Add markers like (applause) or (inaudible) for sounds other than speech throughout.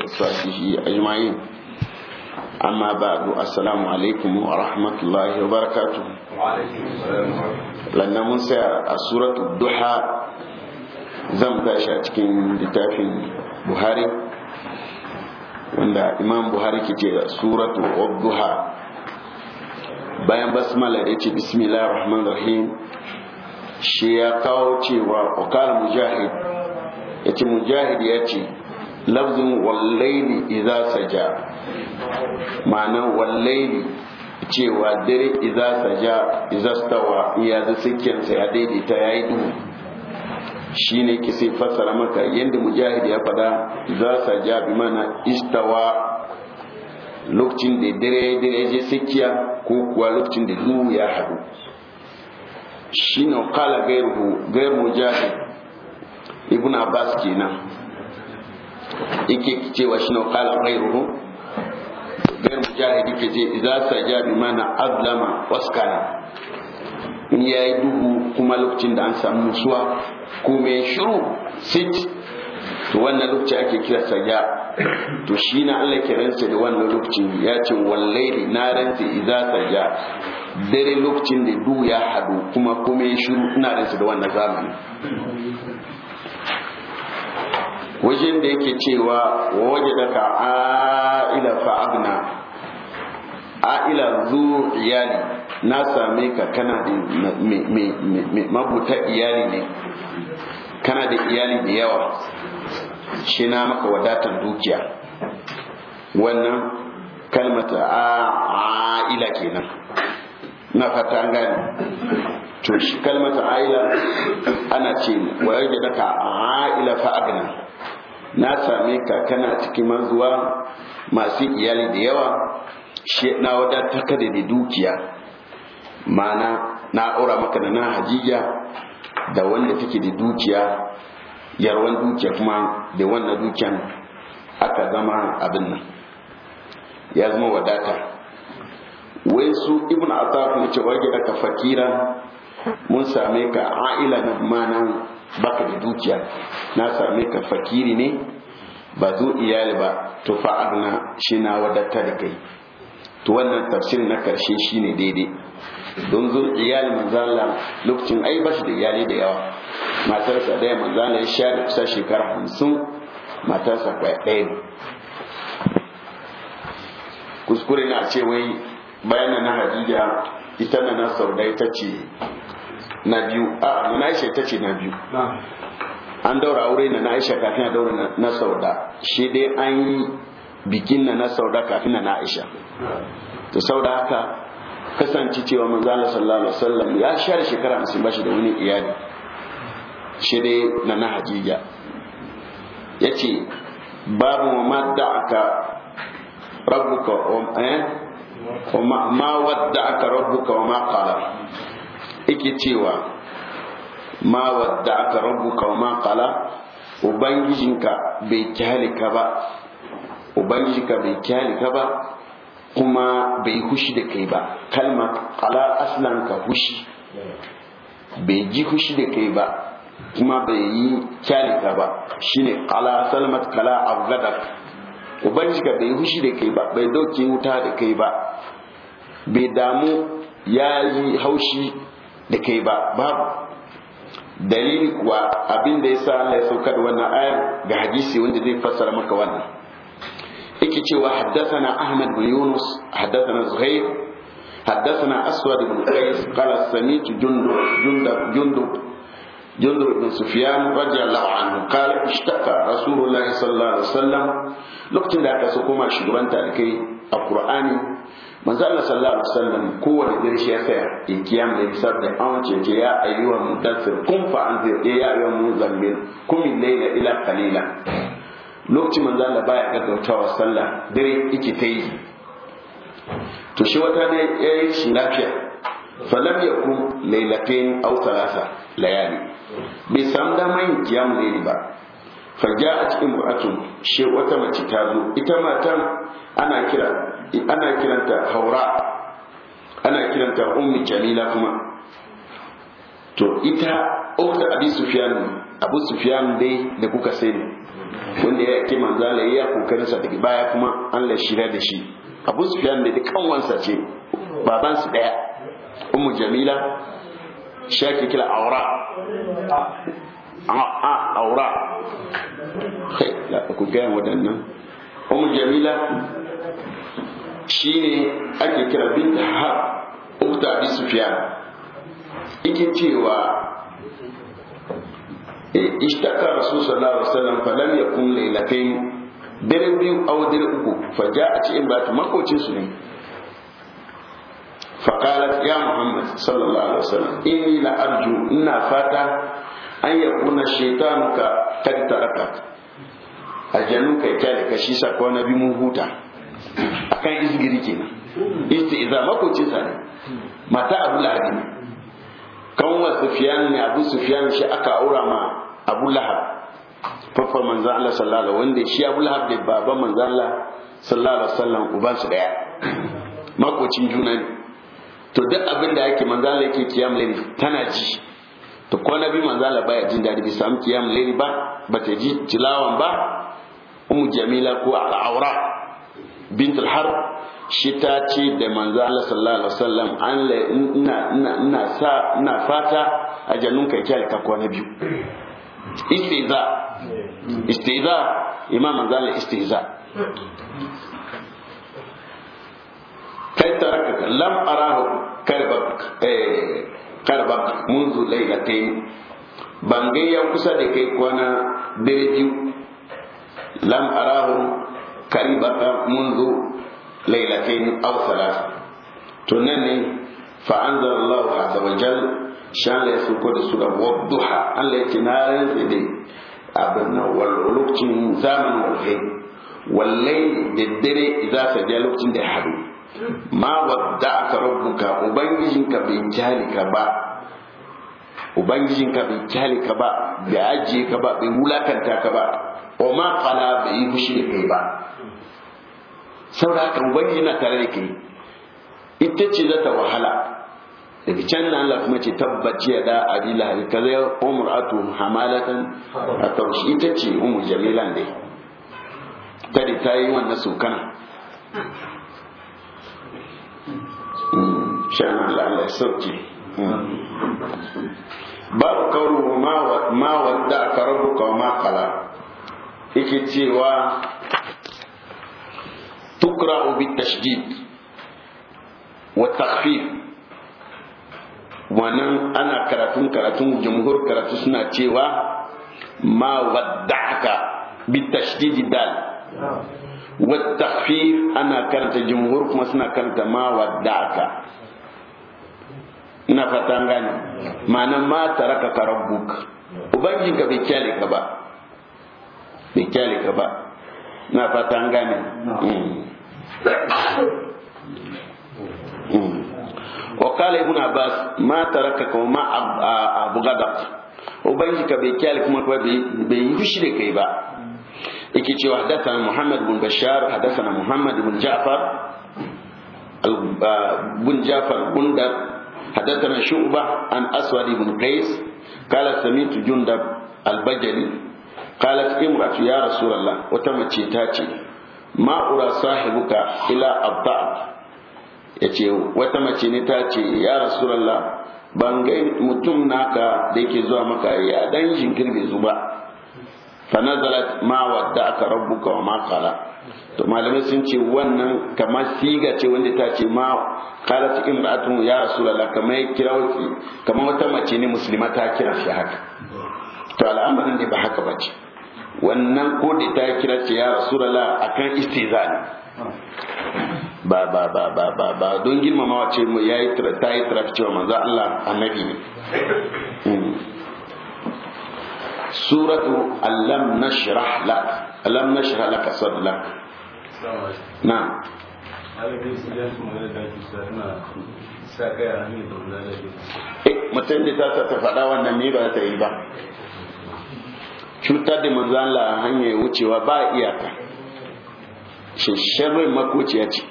وصحبه أجمعين أما بعد السلام عليكم ورحمة الله وبركاته وعليكم السلام لأن موسى سورة الضحى زم cikin littafin Buhari wanda Imam Buhari ke ce suratu Ad-Duha bayan basmala ya ce bismillahir rahmanir rahim shi ya kawo cewa okal mujahid ya mujahid ya lafzin wallaili iza saja ma'anan wallaili cewa dare iza saja iza stawa ya zai sikinsa ya daidaita ya yi duhu shi ne ki sai fassara maka yadda mujahid ya fada za sa ja bi mana istawa lokacin da dare dare je sikiya ko kuwa lokacin da duhu ya haɗu shi ne kala gairu mujahid ibn abbas kenan yake cewa shi na kala ghairuhu gair mujahid yake ce idza saja bi mana azlama waskana in yi duhu kuma lokacin da an samu musuwa ko mai shiru sit to wannan lokaci ake kira saja to shi na Allah kiransa da wannan lokacin ya ce wallahi na rantsa idza saja dare lokacin da duhu ya hadu kuma kuma ya shiru ina rantsa da wannan zamani wajen da yake cewa wa waje daga a'ila fa'abna a'ila zu iyali na same ka kana da mabuta iyali ne kana da iyali da yawa shi na maka wadatar dukiya wannan kalmata a'ila kenan na fata gani to shi kalmata aila ana ce wa yadda daga aila fa agna na same ka kana cikin manzuwa masu iyali da yawa shi na wada taka da dukiya mana na aura maka da na hajiya da wanda take da dukiya yarwan dukiya kuma da wannan dukiyan aka zama abin nan ya zama wadata wai su ibn ataf ne ce wage ka fakira mun same ka a'ila na manan baka da dukiya na same ka fakiri ne ba zo iyali ba to fa'adna shi na wadatta da kai to wannan tafsirin na karshe shine daidai don zo iyali manzala lokacin ai ba shi da iyali da yawa matarsa daya manzala ya sha da kusa shekara hamsin matarsa kwaya ɗaya ne kuskure na ce wai bayan na hadija ita na nasar da ita ce na biyu a na aisha ita ce na biyu an daura aure na na aisha kafin a daura na sauda shi dai an yi bikin na na sauda kafin na na aisha to sauda haka kasance cewa manzala sallallahu alaihi wasallam ya share shekara ba shi da wani iyali shi dai na na hadija ya ce babu ma da aka rabuka eh ma wadda aka ka wa ma qala yake cewa ma wadda aka ka wa ma qala ubangijinka bai kyalika ba ubangijinka bai kyalika ba kuma bai hushi da kai ba kalma ala aslan ka hushi bai ji hushi da kai ba kuma bai yi kyalika ba shine ala salmat kala abgadak ka bai hushi da kai ba bai dauke wuta da kai ba bai damu ya yi haushi da kai ba babu dalili kuwa abin da ya sa Allah ya saukar wannan ayar ga hadisi wanda zai fassara maka wannan yake cewa haddathana Ahmad bin Yunus haddathana Zuhair haddathana Aswad bin Qais qala sami'tu Jundub Jundub Jundub جندب بن سفيان رضي الله عنه قال اشتكى رسول الله صلى الله عليه وسلم lokacin da aka so koma shugaban kai, a qur'ani manzo Allah sallallahu alaihi wasallam kowane dare shi ya tsaya in kiyam da bisar da an ce ke ya ayyuha mudaththir kum fa anzir ya ayyuha muzammil kum ilayla ila qalila lokacin manzo Allah baya gaggautawa sallah dare yake ta yi to shi wata dai yayi shi lafiya falam yakum laylatin aw thalatha layali bai samu dama kiyam layli ba faja a cikin bu'atun she wata mace ta zo ita matan ana kira ana kiranta haura ana kiranta ummi jamila kuma to ita ukta abi sufyan abu sufyan dai da kuka sani wanda ya yake manzo Allah ya kokarin sa daga baya kuma Allah shira da shi abu sufyan da dukan wansa ce baban su daya ummu jamila shaki kila aura aura ah, ah, ku gaya waɗannan umu jamila shine ake kira binta har ukta abi sufyan ike cewa eh, ishtaka rasul sallallahu alaihi wasallam falam yakun lailatayn dare biyu aw dare uku fa ja'at imratu makocin su ne ya Muhammad محمد alaihi الله عليه وسلم na لأرجو ina fata. an yakuna shaytanuka kad a ajanun kai ta da kashi sa ko na bi mun huta akan izgiri kenan istiza makocin sa ne mata abu lahabi ne wa sufiyan ne abu sufiyan shi aka aura ma abu lahab fafa manzo Allah sallallahu alaihi wanda shi Abu Lahab da baban manzo Allah sallallahu alaihi wasallam uban su daya makocin juna ne to duk abin da yake manzo Allah yake kiyamlin tana ji to ko nabi manzo baya jin dadi bisa am kiyam laili ba ta ji tilawan ba Umu jamila ko al-awra bint al-har shi ta ce da manzo Allah sallallahu alaihi wasallam an la ina ina ina sa ina fata a jannun kai kyal ka kwana biyu istiza istiza imam manzo istiza kai taraka lam arahu karba eh karba munzu lailatain bangai ya kusa da kai kwana dare biyu lam arahu kariba munzu lailatain aw salasa to nan ne fa anzala Allah azza wa jal shan la suko da sura wadduha Allah ya ce na rantsi dai abin nan wal lokacin zamanin wal layl da dare za ta da hadu ma wadda aka rubuka ubangijinka bai kyale ka ba ubangijinka bai kyale ka ba bai ajiye ka ba bai wulakanta ka ba wa ma kala bai yi fushi da kai ba saboda haka ubangiji na tare da kai ita ce za ta wahala daga can nan Allah kuma ce tabbaci ya da abi ka zai umar atu hamalatan a taushi ita ce umar jamilan dai ta da ta yi wannan sokana شأن الله يسوكي باب قوله ما ودعك ربك وما قلى yake cewa tukra'u bitashdid wa takhfif wannan ana karatun karatun jumhur karatu suna cewa ma wadda'aka bitashdid dal wa takhfif ana karanta jumhur kuma suna karanta ma wadda'aka Na fata gani ma'ana ma taraka ka rabbuka ubangijinka bai kyale ka ba bai kyale ka ba Na fata gani mm. mm. wa kala ibn abbas ma taraka ka ma abu gadak ubangijinka bai kyale kuma bai yi fushi da kai ba yake cewa hadathana Muhammad bin Bashar hadathana Muhammad bin Ja'far bin Ja'far Gundar حدثنا شعبة عن أسود بن قيس قال سمعت جندب البجلي قالت امرأة يا رسول الله وتمتي تاتي ما أرى صاحبك إلا الضعف yace wata mace ne ta ce ya rasulallah ban ga mutum naka da yake zuwa maka ya dan jinkir ba. zuba fa nazalat ma wadda aka rabbuka wa ma qala to malamai sun ce wannan kamar siga ce wanda ta ce ma cikin imra'atun ya rasulallah kamar kira wuce. kamar wata mace ne musulma ta kira shi haka to al'amarin ne ba haka ba ce wannan ko da ta kira ce ya rasulullah akan istiza ne ba ba ba ba ba ba don girmamawa ce mu yayi ta yi taraf cewa manzo Allah annabi ne hmm. suratu alam nashrah lak alam nashrah lak sadrak na mutum da ta ta faɗa wannan ne ba ta yi ba cutar da manzo Allah hanyar wucewa ba iyaka shishirin makociya ce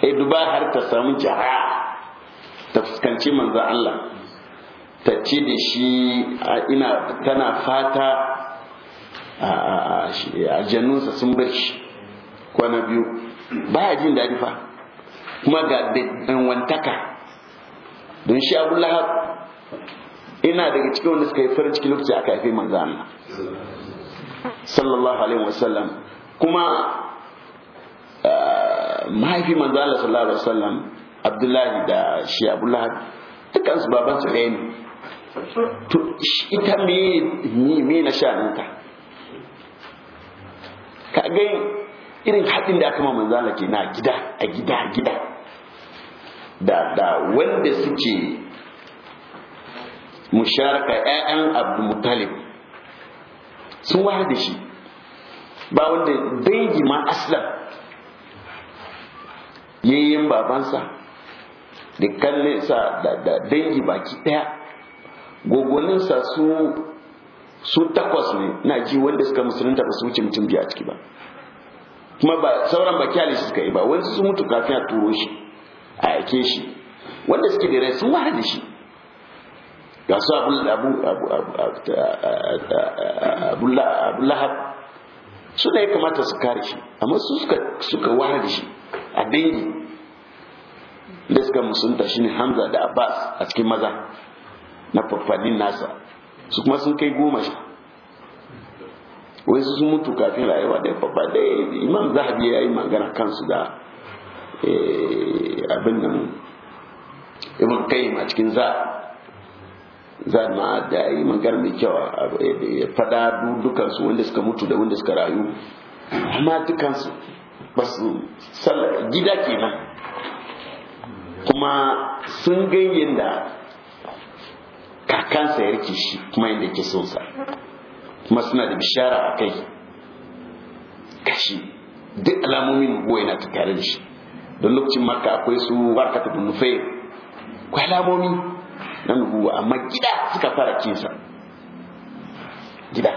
sai duba har ta samu jara ta fuskanci manzo Allah ta ci da shi ina tana fata a janunsa sun bar shi kwana biyu Ba a jin daɗi fa kuma ga wantaka don shi abu lahab ina daga cikin wanda suka yi farin ciki lokaci aka haifi manzo Allah sallallahu alaihi wasallam kuma ah, mahaifi manzo Allah sallallahu alaihi wasallam Abdullahi da shi Abu Lahab dukkan su baban su ɗaya ne to ita me me na sha'aninta ka ga irin haɗin da aka ma zala ke na gida a gida a gida da da wanda suke musharaka ƴaƴan abu mutalib sun wahar da shi ba wanda dangi ma aslam yayin babansa da sa da dangi baki ɗaya gogoninsa su su takwas ne na ji wanda suka musulunta ba su wuce mutum biyu a ciki ba kuma ba sauran ba kyale shi suka yi ba wani sun mutu kafin a turo shi a yake shi wanda suke da rai sun wahala da shi ga su abu lahab su da ya kamata su kare shi amma su suka wahala da shi a dangi da suka musunta shi ne hamza da abbas a cikin maza na fafadin nasa su kuma sun kai goma shi wai su mutu kafin rayuwa da babba da imam zahabi ya yi magana kansu da eh, abin nan imam kai a cikin za za ma da yi magana mai kyau ya fada dukansu wanda suka mutu da wanda suka rayu amma dukansu ba su gida ke nan kuma sun ganyen da kakansa ya rike shi kuma yadda ke sonsa kuma suna da bishara a kai kashi duk alamomin huwa yana tattare da shi don lokacin makka akwai su warka ta nufai kwa alamomi na nubuwa amma gida suka fara kinsa gida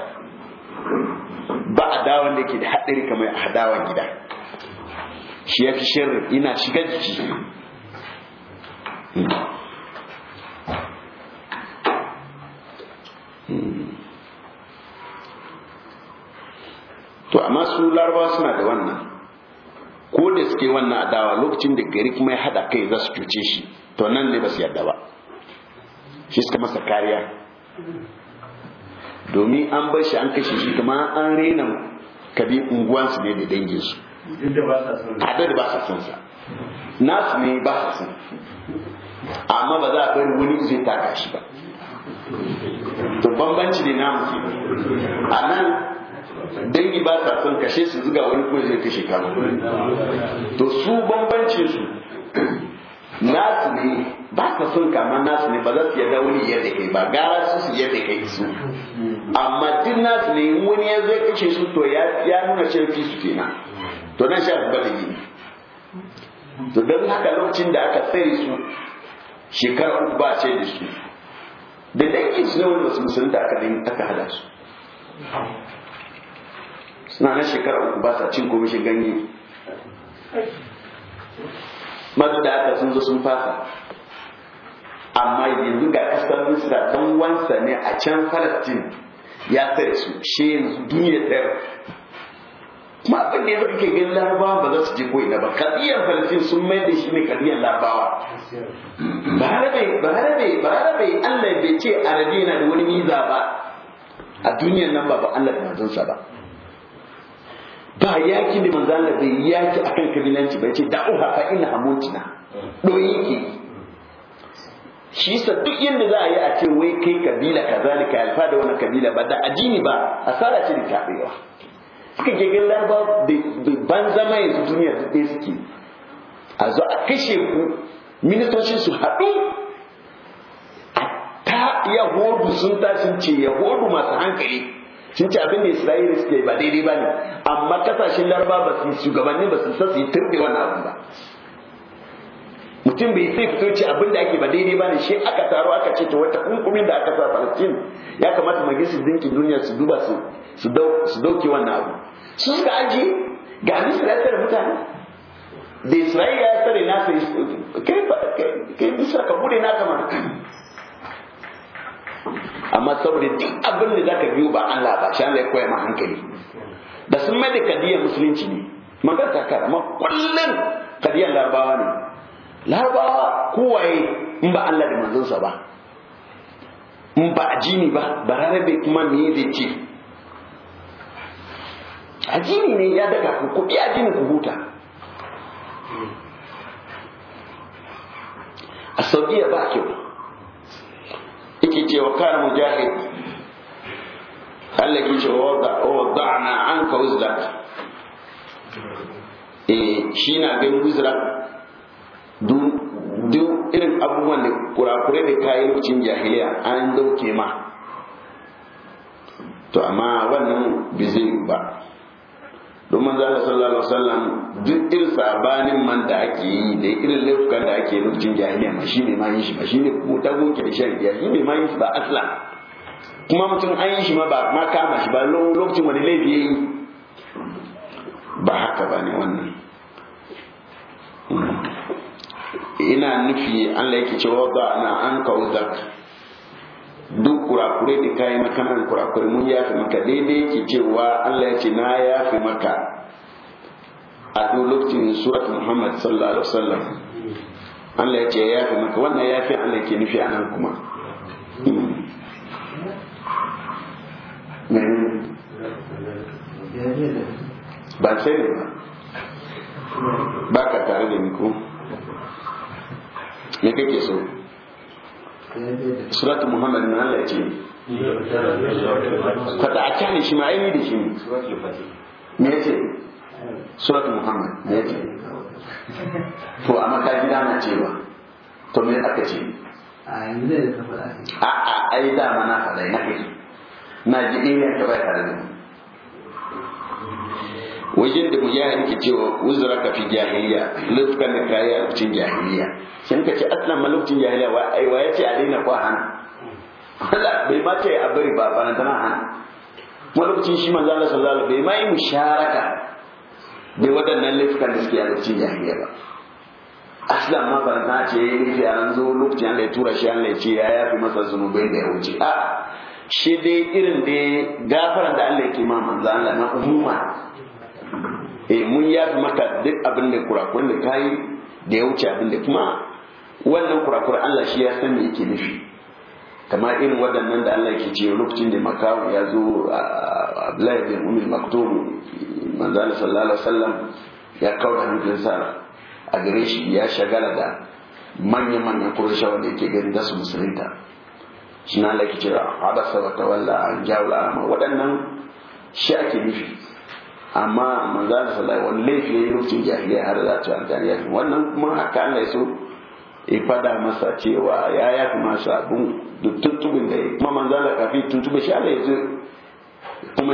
ba a dawon da ke da haɗari kamar a hadawan gida shi ya fi shirin ina shiga jiki hmm. to amma su larabawa suna da wannan ko da suke wannan adawa lokacin da gari kuma ya hada kai za su cuce shi to nan ne ba su yadda ba shi suka masa kariya domin an bar shi an kashe shi kuma an rena kabi unguwansu ne da danginsu kada da ba sa son sa nasu ne ba sa son amma ba za a bari wani zai taka shi ba to bambanci ne namu ke a nan dangi ba ta son kashe su zuga wani ko zai kashe ka to su bambancin su nasu ne ba ka son kama nasu ne ba za su yadda wani yadda kai ba gara su su yadda kai su amma duk nasu ne wani ya zai kashe su to ya nuna cewa fi su kenan to nan sha ba da gini to don haka lokacin da aka tsaye su shekara uku ba ce da su da dangin su ne wani wasu musulunta aka hada su suna na shekara uku ba sa cin komishin ganye aka sun zo sun fasa amma yanzu ga kasar misra don wansa ne a can falastin ya tsare su shi yanzu duniya ɗaya kuma abin da ya ke ganin larabawa ba za su je ko'ina ba kadiyar falastin sun mai da shi ne kadiyar larabawa ba harabe ba harabe ba harabe allah bai ce arabi yana da wani miza ba a duniyar nan ba ba allah da manzansa ba ba yaki ne manzo Allah bai yaki akan kabilanci bai ce da'uha fa inna hamutina doyi yake shi sa duk yadda za a yi a ce wai kai kabila kaza alfa da wani kabila ba da addini ba asara ce da tabewa suka ke gan da ban zama yanzu duniya da ɗaya suke a zo a kashe ku ministocin su haɗu ta yahudu sun tashi ce yahudu masu hankali sun ce abin da isra'ila suke ba daidai ba ne amma kasashen laraba ba su shugabanni ba su san su yi turbe wani abu ba mutum bai sai fito ce abin da ake ba daidai ba ne shi aka taro aka ce ta wata kunkumin da aka sa falastin ya kamata su dinkin duniya su duba su su dauke wannan abu su suka aji ga isra'ila da mutane da isra'ila ya tsare nasa kai bisa ka bude naka mana amma saboda duk abin da zaka biyo ba Allah ba shi Allah ya koya ma hankali da sun mai da kadiyar musulunci ne magar ta kar ma kullum kadiyar larabawa ne larabawa kowaye in ba Allah da manzonsa ba in ba ajini ba bai kuma me zai ce ajini ne ya daga ku kuɗi ajini ku huta a saudiya ba kyau yake wa kana mujahid Allah yake cewa wada'na anka uzrak eh shi na ganin du duk irin abubuwan da kurakure da kayan lokacin jahiliya an dauke ma to amma wannan bizai ba domin manzo Allah sallallahu alaihi wasallam duk irin sabanin man da ake yi da irin laifukan da ake lokacin jahiliya ma shine ma yin shi ba shine ko ta gunki da shari'a shine ma yin shi ba aslan kuma mutum an yi shi ma ba ma kama shi ba lokacin wani laifi yi ba haka ba ne wannan ina nufi an laiki cewa ba na an kawo zaka duk kurakure da kayi na kurakure mun mun fi maka daidai ki cewa Allah ya ce na fi maka a duk lokacin surat Muhammad sallallahu alaihi wasallam Allah ya ce ya fi maka wannan fi Allah ke nufi a nan kuma ba sai ne ba ba ka tare da ni ko me kake so suratul muhammad na Allah ce fata a kyani shi ma aini da shi ne me ya ce suratul muhammad me ya ce to a makaji na cewa to me aka ce a a ai da mana faɗa na ji ina ka bai tare da mu wajen da mujahid ke cewa uzra ka fi jahiliya lutkan da kai a lokacin jahiliya sai ka ce aslan ma lokacin jahiliya wa ai wa yace a daina ko hana Wala bai ma ce a bari ba bana tana hana kuma lokacin shi manzo Allah sallallahu alaihi wasallam bai mai musharaka da wadannan laifukan da suke a lokacin jahiliya ba aslan ma ban ta ce ya rufe an zo lokacin Allah ya tura shi Allah ya ce ya yafi masa zunubai da ya wuce a shi dai irin da gafaran da Allah yake ma manzo Allah na umuma eh mun yafi maka duk abin da kurakuran da kayi da ya wuce abin da kuma wannan kurakuran Allah shi ya san me yake nufi kama irin waɗannan da Allah yake ce lokacin da makawo ya zo Abdullahi bin Umar Maktum manzon sallallahu alaihi wasallam ya kawo sa a gare shi ya shagala da manya-manyan kurshe wanda yake ganin da su musulunta shi na laki cewa hada sabata walla an jawo al'ama waɗannan shi ake nufi amma manzo Allah sallallahu alaihi wani laifi yayi lokacin jahiliya har za ta amfani ya wannan kuma haka Allah ya so ya fada masa cewa ya ya kuma sabun duk tuntubin da kuma manzo Allah kafi tuntube shi Allah ya zo kuma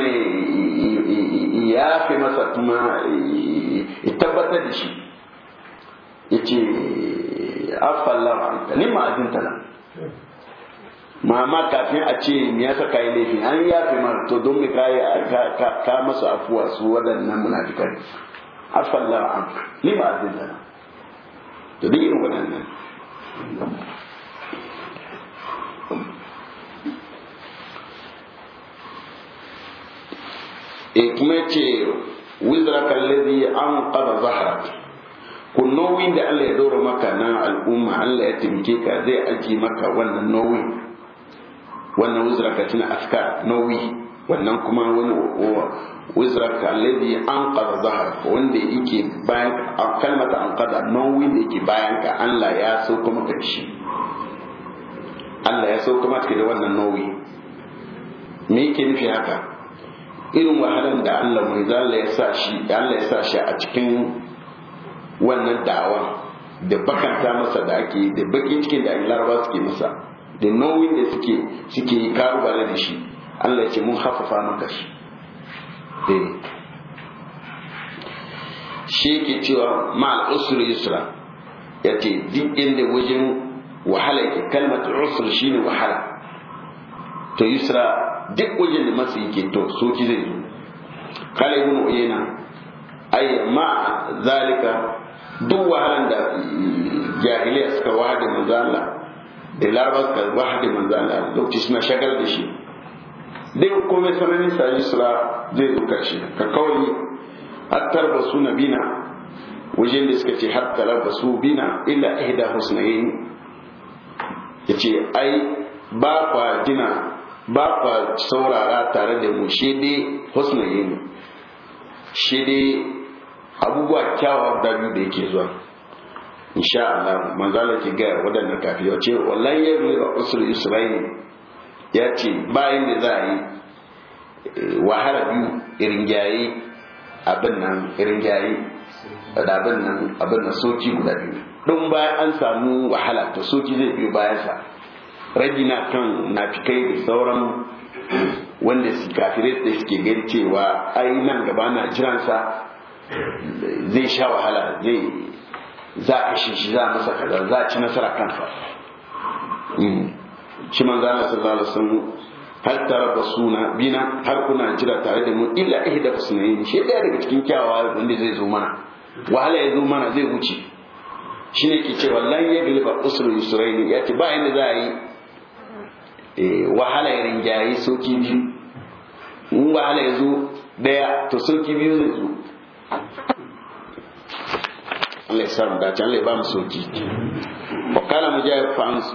ya fi masa kuma ya tabbatar da shi yace afallahu anka lima azinta lana mama kafin a ce me yasa yi laifi an yafe ma to don me kai ka masa afuwa su waɗannan munafikai afallahu an ni ba adilla to duk irin waɗannan e kuma ce kallazi an anqadha zahrak kun nauyin da Allah ya dora maka na al'umma Allah ya taimake ka zai aji maka wannan nauyin wannan wuzraka tuna afkar nauyi wannan kuma wani wuzraka alladhi anqadha zahar wanda yake bayan kalmata anqadha nauyi da yake bayan ka Allah ya kuma ka shi Allah ya kuma ka da wannan nauyi me yake nufi haka irin wahalar da Allah mai zalla ya sa shi Allah ya sa shi a cikin wannan da'awa da bakanta masa da ake da bakin cikin da larabawa suke masa da nauyin da suke suke yi da shi Allah ce mun hafafa maka shi eh. shi ke cewa ma'al usri yusra ya ce duk inda wajen wahala ke kalmatu usr shine wahala to yusra duk wajen da masu yake to ki zai zo kala ibn uyena ay ma zalika duk wahalan da jahiliya suka wada manzo Allah da eh, larabar karba haɗe manzo Allah lokaci suna shagal da shi duk komai sananin sa yi sura zai zo karshe ka kawai attar ba su na bina wajen da suka ce hattara ba su bina illa ihda ya yace ai ba kwa jina ba kwa saurara tare da mu shi dai husnayn shi dai abubuwa kyawawa da biyu da yake zuwa In sha Allah manzala ki gaya wadannan kafiya ce wallahi ya bi usul isra'il ya ce bayan da za a yi eh, wahala biyu iringaye abin nan gyaye da abin nan abin nan soki guda biyu don bayan an samu wahala to soki zai biyu bayansa ragi na kan na fi kai da sauran wanda su kafirai da suke gani cewa ai nan gaba na jiransa zai sha wahala zai za a kashe shi za a masa kaza za a ci nasara kansa hmm. shi man zana mu har tare da suna bina har kuna jira tare da mu illa da ihda yi shi daya daga cikin kyawawa wanda zai zo mana wahala ya zo mana zai wuce shi ne ke cewa lan ya gilba usrul yusraini ya ce ba yanda za a yi eh, wahala ya rinjaye soki biyu in wahala ya zo daya to soki biyu zai zo Allah ya samu dace Allah ya ba mu soki wa kana mujahid fans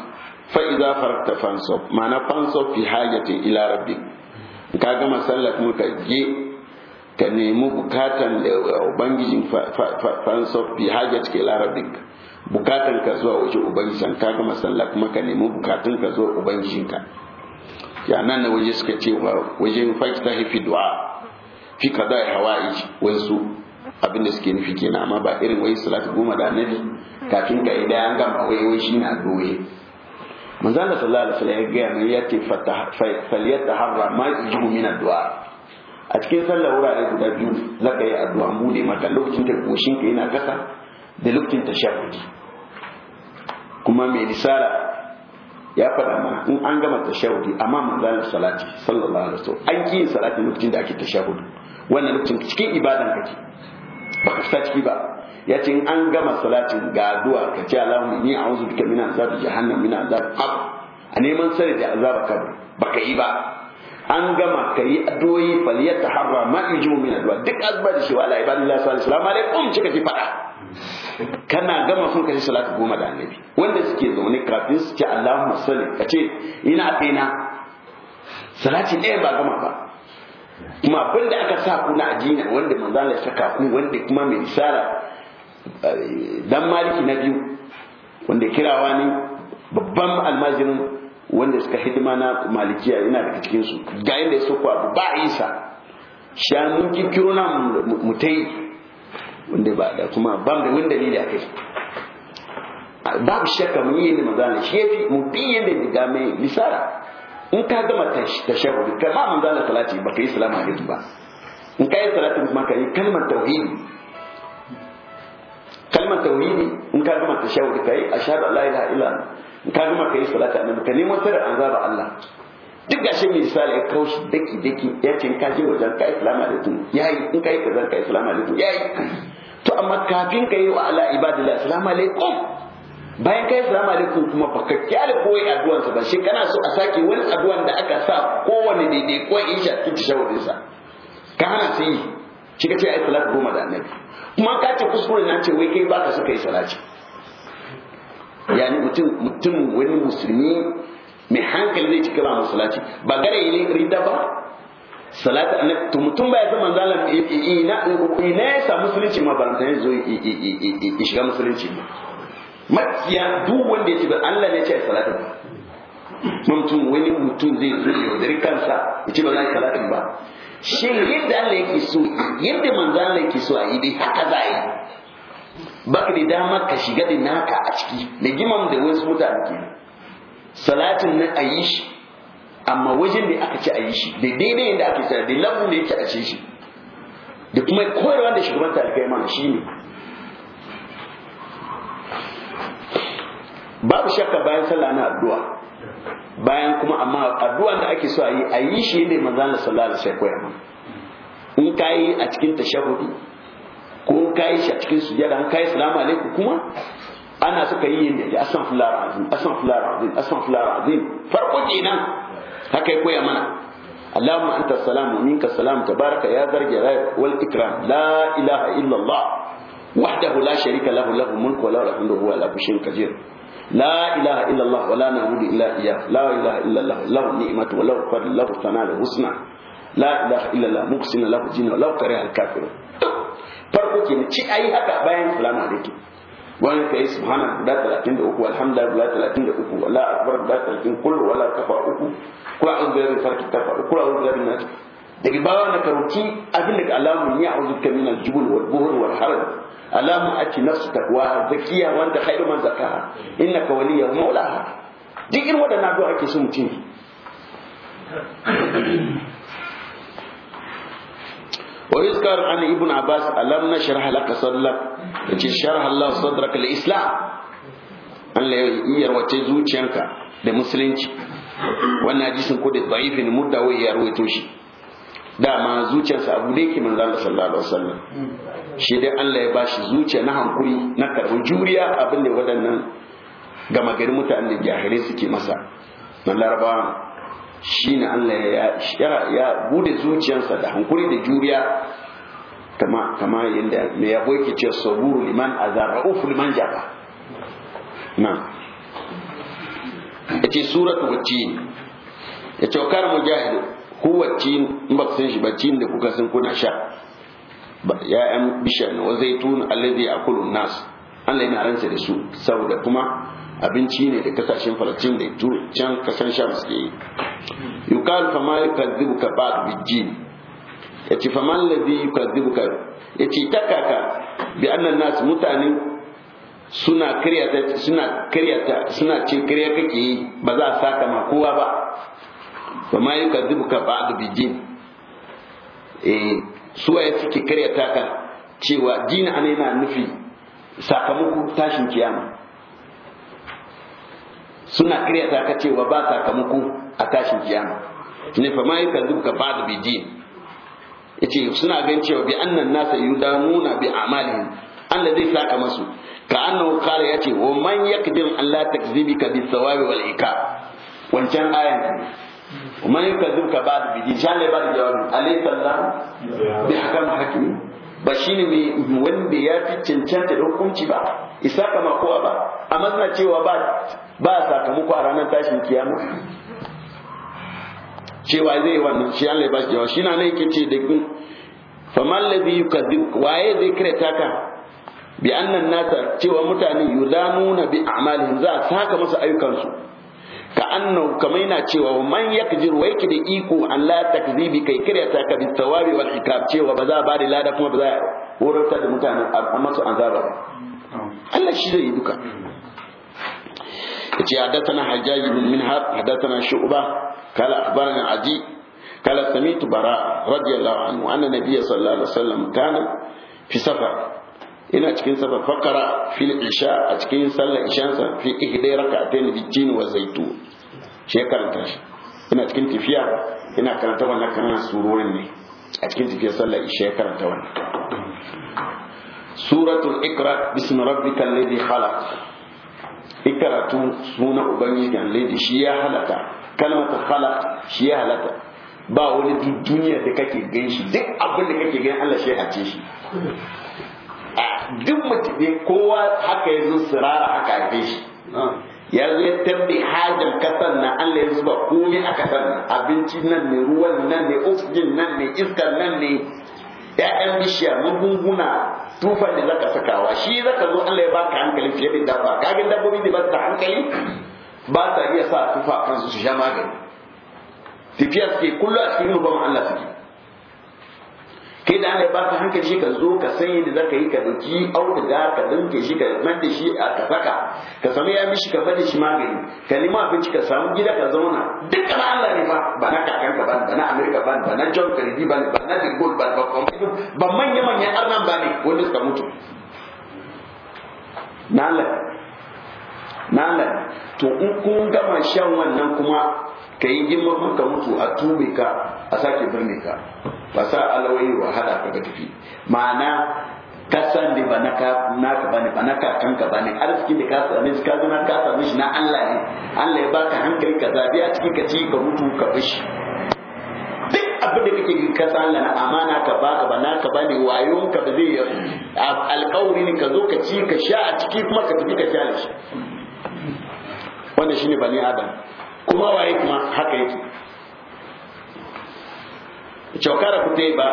fa idza farakta fansab ma'ana fansab fi hajati ila rabbik ka gama masallat mu ka je ka nemi bukatan da ubangijin fansab fi hajati ila rabbik bukatan ka zuwa waje san ka gama masallat kuma ka nemi bukatun ka zuwa ka ya nan na waje suka ce wajen ta hifi du'a fi kada hawa'i wansu abin da suke nufi kenan amma ba irin wai salatu goma da annabi kafin ka idan an gama wai wai shine addu'o'i manzo Allah sallallahu alaihi wasallam ya ga mai yace falyataharra ma yujibu min addu'a a cikin sallar wurare guda biyu zaka yi addu'a bude maka lokacin da goshin ka yana kasa da lokacin tashahudi kuma mai risala ya faɗa mana in an gama tashahudi amma manzo salati sallallahu alaihi wasallam an yi salati lokacin da ake tashahudi wannan lokacin cikin ibadan kake baka ciki ba ya ce an gama salatin ga duwa ka ce Allahumma inni a'udhu bika min azab jahannam min azab qabr a neman sani da azab ba baka yi ba an gama ka yi addu'o'i harba ma yujibu min addu'a duk azaba da shi wa ala ibadillah sallallahu alaihi wasallam cika ki fada kana gama sun kashe salatu goma da annabi wanda suke zaune kafin su ce Allahumma salli ka ce ina kaina salati ɗaya ba gama ba kuma abin da aka sa kuna na jina wanda manzala ya saka ku wanda kuma mai isara eh, dan maliki na biyu wanda kirawa ne babban almajirin wanda suka hidima na malikiya ina daga cikin su ga inda su ku abu ba isa shi mun kirkiro na mutai wanda ba da kuma ban da wanda ne Da kai babu shakka mun yi ne manzala shi yafi mu bi yadda ga mai risala in ka gama tashahudi ka ba manzo Allah salati ba kai salamu alaikum ba in ka yi salatin kuma ka yi kalmar tauhidi kalmar tauhidi in ka gama tashahudi ka yi ashhadu an la ilaha illa in ka gama ka yi salati annabi ka nemo tare azaba Allah duk gashi misali ya kaushi daki daki ya ce in ka je wajen ka yi salamu alaikum yayi in ka yi kaza ka yi salamu alaikum yayi to amma kafin ka yi wa ala ibadillah salamu alaikum bayan kai salamu alaikum kuma baka kyale koyi addu'an sa ba shi kana so a sake wani addu'an da aka sa kowane daidai ko in sha kici shawarin sa ka hana su yi shi ka ce ai salatu goma da annabi kuma ka ce kuskure na ce wai kai baka suka yi salati yani mutum mutum wani musulmi mai hankali zai cika ba salati? ba gare yi rida ba salatu annabi to mutum ba san zama Allah ina ina ya samu musulunci ma barantane zo shiga musulunci ne makiya duk wanda ya ci ba Allah ne ya ce salatin ba mutum wani mutum zai zo ya wadari kansa ya ce ba za a yi salatin ba shi yadda Allah yake so yadda manzo Allah yake so a yi dai haka za a yi ka da dama ka shiga da naka a ciki da gimam da wasu mutane ke salatin nan a yi shi amma wajen da aka ci a yi shi da daidai yadda aka ci da ne da yake a ce shi da kuma koyarwa da shugaban talibai ma shi ne babu shakka bayan sallah na addu'a bayan kuma amma addu'a da ake so a yi a yi shi ne manzo Allah sallallahu alaihi koya mana in yi a cikin tashahudi ko in kai shi a cikin in ka yi salamu alaikum kuma ana ka yi yadda ya asan fular azim asan fular azim asan fular azim farko kenan haka ya koya mana اللهم أنت السلام ومنك السلام تبارك يا ذا الجلال والإكرام لا إله إلا الله وحده لا شريك له له الملك وله الحمد وهو على كل شيء قدير la ilaha illallah wa la illa iyyah la illallah lahu ni'matu wa lahu fadl lahu sana'u husna illallah muksina lahu jinna wa lahu kariha al-kafirun farko ke ci ayi haka bayan salama alaikum wani ka yi subhana guda talatin da uku alhamdulillah guda talatin da uku wala akbar guda talatin kul wala kafa uku kula an zuwa bin farki kafa kula an zuwa bin nasi daga bawa na karuci abin da alamun ya buhur wal haraj alamu ati nafsu takwa zakiya wanda khairu man zakaha innaka waliyyu maulaha duk irin wadannan addu'a ake so mutum ويذكر عن ابن عباس ألم نشرح لك صدرك يجي شرح الله صدرك الإسلام Allah ya yarwace zuciyanka da musulunci wannan hadisin ko da da'ifin mudda wai ya rawaito shi dama zuciyarsa abu da yake manzo Allah sallallahu alaihi wasallam shi dai Allah ya bashi zuciya na hankuri na karɓar juriya abin da waɗannan gama gari mutanen da jahilai suke masa na laraba shi ne Allah ya bude zuciyarsa da hankuri da juriya kama yadda mai yabo yake ce saburu liman azar ra'uf liman jaba na yace suratu wacce yace kar mujahid huwa tin in ba san shi ba tin da kuka san kuna sha ya'yan bishiyar wa zaitun alladhi yakulu nas Allah yana ranta da su saboda kuma abinci ne da kasashen Falastin da turu can kasan Sham suke yi yuqal fa ma yukadzibuka ba'd bijin yace fa man ladhi yukadzibuka yace takaka bi annan nas mutanin suna kiryata suna kiryata suna ce kirya kake yi ba za a saka ma kowa ba fa ma yukadzibuka ba'd bijin eh suwaye suke karyata ka cewa dina ana yana nufi sakamako tashin kiyama suna karyata ka cewa ba sakamako a tashin kiyama ne fa ma yaka duka ba da din yace suna gan cewa bi annan nasa yudamuna bi amalihim Allah zai saka masu ka annahu kare yace wa man yakdim Allah takzibika bis sawabi wal iqab wancan ayan ومن يكذبك بعد بدين جان لي بعد جواب أليس الله بحكم حكيم بشين وين بيافي تنتنت hukunci ba isa kama kowa ba amma suna cewa ba sakamako a ranar tashin kiyama cewa zai wannan shi Allah ba shi shi ne yake ce da gun faman ladhi yukadzib waye zai kare taka bi cewa mutane yudanuna bi a'malihim za a saka masa ayyukansu ka annahu kamar yana cewa man yakjir wa yake da iko an la takzibi kai kare ta ka bi thawabi wal ikab cewa ba za ba da lada kuma ba za horarta da mutane a masu azaba Allah shi zai yi duka yace hadathana hajjaj bin minhar hadathana shu'ba kala akhbarana aji kala samitu bara radiyallahu anhu ina cikin sa fakara fil isha a cikin sallar isha sa fi ihda rak'atayn bi jin wa zaitun shi ya karanta shi ina cikin tafiya ina karanta wannan kana surorin ne a cikin tafiya sallar isha ya karanta wannan suratul ikra bismi rabbikal ladhi khalaq tu suna ubangiji ladhi shi ya halaka kalmatu khalaq shi ya halaka ba wani duniya da kake ganin shi duk abin da kake ganin Allah shi ya ce shi a duk mutane kowa haka ya zo sirara haka a shi ya zo ya tambi hajar kasar na Allah ya zuba komai a kasar nan abinci nan ne ruwan nan ne oxygen nan ne iskar nan ne ya'yan bishiya magunguna tufan da zaka sakawa shi zaka zo Allah ya baka hankali fiye da dabba kagin dabbobi ne ba su hankali ba ta iya sa tufa kansu su sha magani tafiya suke kullu a cikin rubar Allah suke kai da Allah baka hankali shi ka zo ka san yadda ka yi ka dauki auduga ka dinke shi ka mai da shi a kafaka ka samu ya mishi ka fadi shi magani ka nima abinci ka samu gida ka zauna duk na Allah ne fa ba na kakanka ba ba na America ba ba na John Kennedy ba ba na Bill Gates ba ba ba manya manya arnan ba ne wanda suka mutu na Allah na Allah to in kun gama shan wannan kuma ka yi girma ka mutu a tube ka a sake birni ka ba sa alawai hada ka tafi ma'ana kasan da ba naka naka bane ba naka kanka bane arzikin da ka sami shi ka zo na ka sami shi na Allah ne Allah ya baka hankali ka zabi a cikin ka ci ka mutu ka bishi duk abin da kake yi ka san lana amana ka baka ba naka bane wayon ka ba zai yi alƙawari ne ka zo ka ci ka sha a ciki kuma ka tafi ka kyale shi wannan shine bani adam kuma waye kuma haka yake chokara kute ba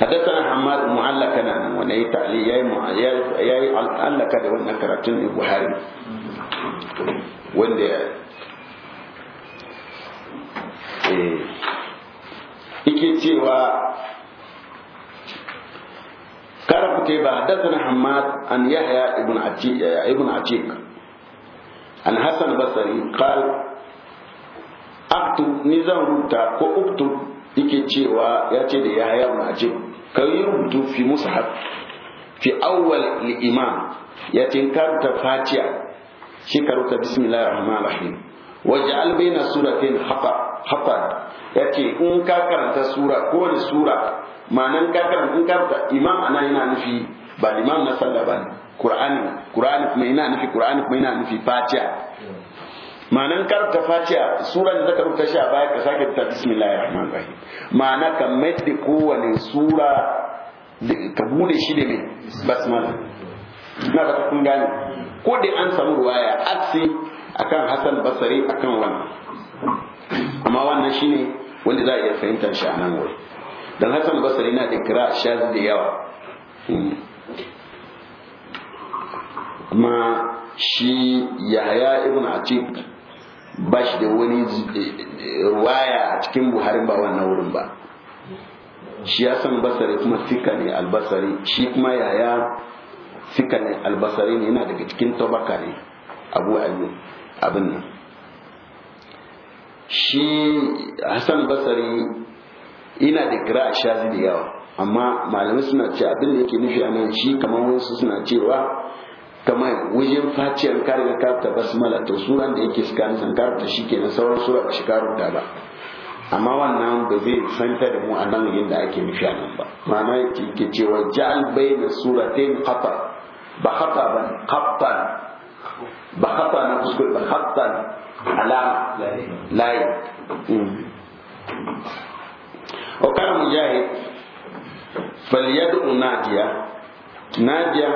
hadatha hamad muallakana wa nay ta'li yai muayyal yai alaka da wannan karatun ibnu buhari wanda ya eh yake cewa kara an yahya ibnu atiq eh, an hasan basri qala aktu ni zan rubuta ko uktu yake cewa ya ce da yaya ibn ajib ka yi rubutu fi mushaf fi awwal al-imam ya ce ka rubuta fatiha shi ka rubuta bismillahir rahmanir rahim waj'al baina suratin haqa haqa ya ce in ka karanta sura ko wani sura ma'anan ka karanta in ka rubuta imam ana yana nufi ba imam na sallah ba qur'ani qur'ani kuma yana nufi qur'ani kuma yana nufi fatiha ma'anan karanta faciya, sura da zaka rubuta shi a baya ka sake rubuta bismillahir rahmanir rahim ma'ana ka maida kowane sura ka bude shi da mai basmala na ba kun gane ko da an samu ruwaya aksi akan hasan basari akan wannan amma wannan shine wanda za a iya fahimtar shi a nan wuri dan hasan basari na da kira shazi da yawa hmm. Ma shi yahaya ibn atik ba shi da wani ruwaya eh, eh, a cikin Buhari ba wannan wurin ba shi ya san basari kuma fika ne albasari shi kuma yaya fika ne albasari ne yana daga cikin tabaka ne abu ayyub abin nan shi hassan basari ina da kira a shazi da yawa amma malamai suna ce abin da yake nufi a nan shi kamar wasu suna cewa kamar wajen faciyar ka ya ka ta basmala to suran da yake suka nisan ka ta shikenan sauran sura ba shi ka rubuta ba amma wannan ba zai santa da mu a nan yadda ake nufi a nan ba ma'ana ke cewa ja'al ta suratain qata ba khata ba khata ba khata na kuskure ba khata alama layi وقال مجاهد فليدعو نادية نادية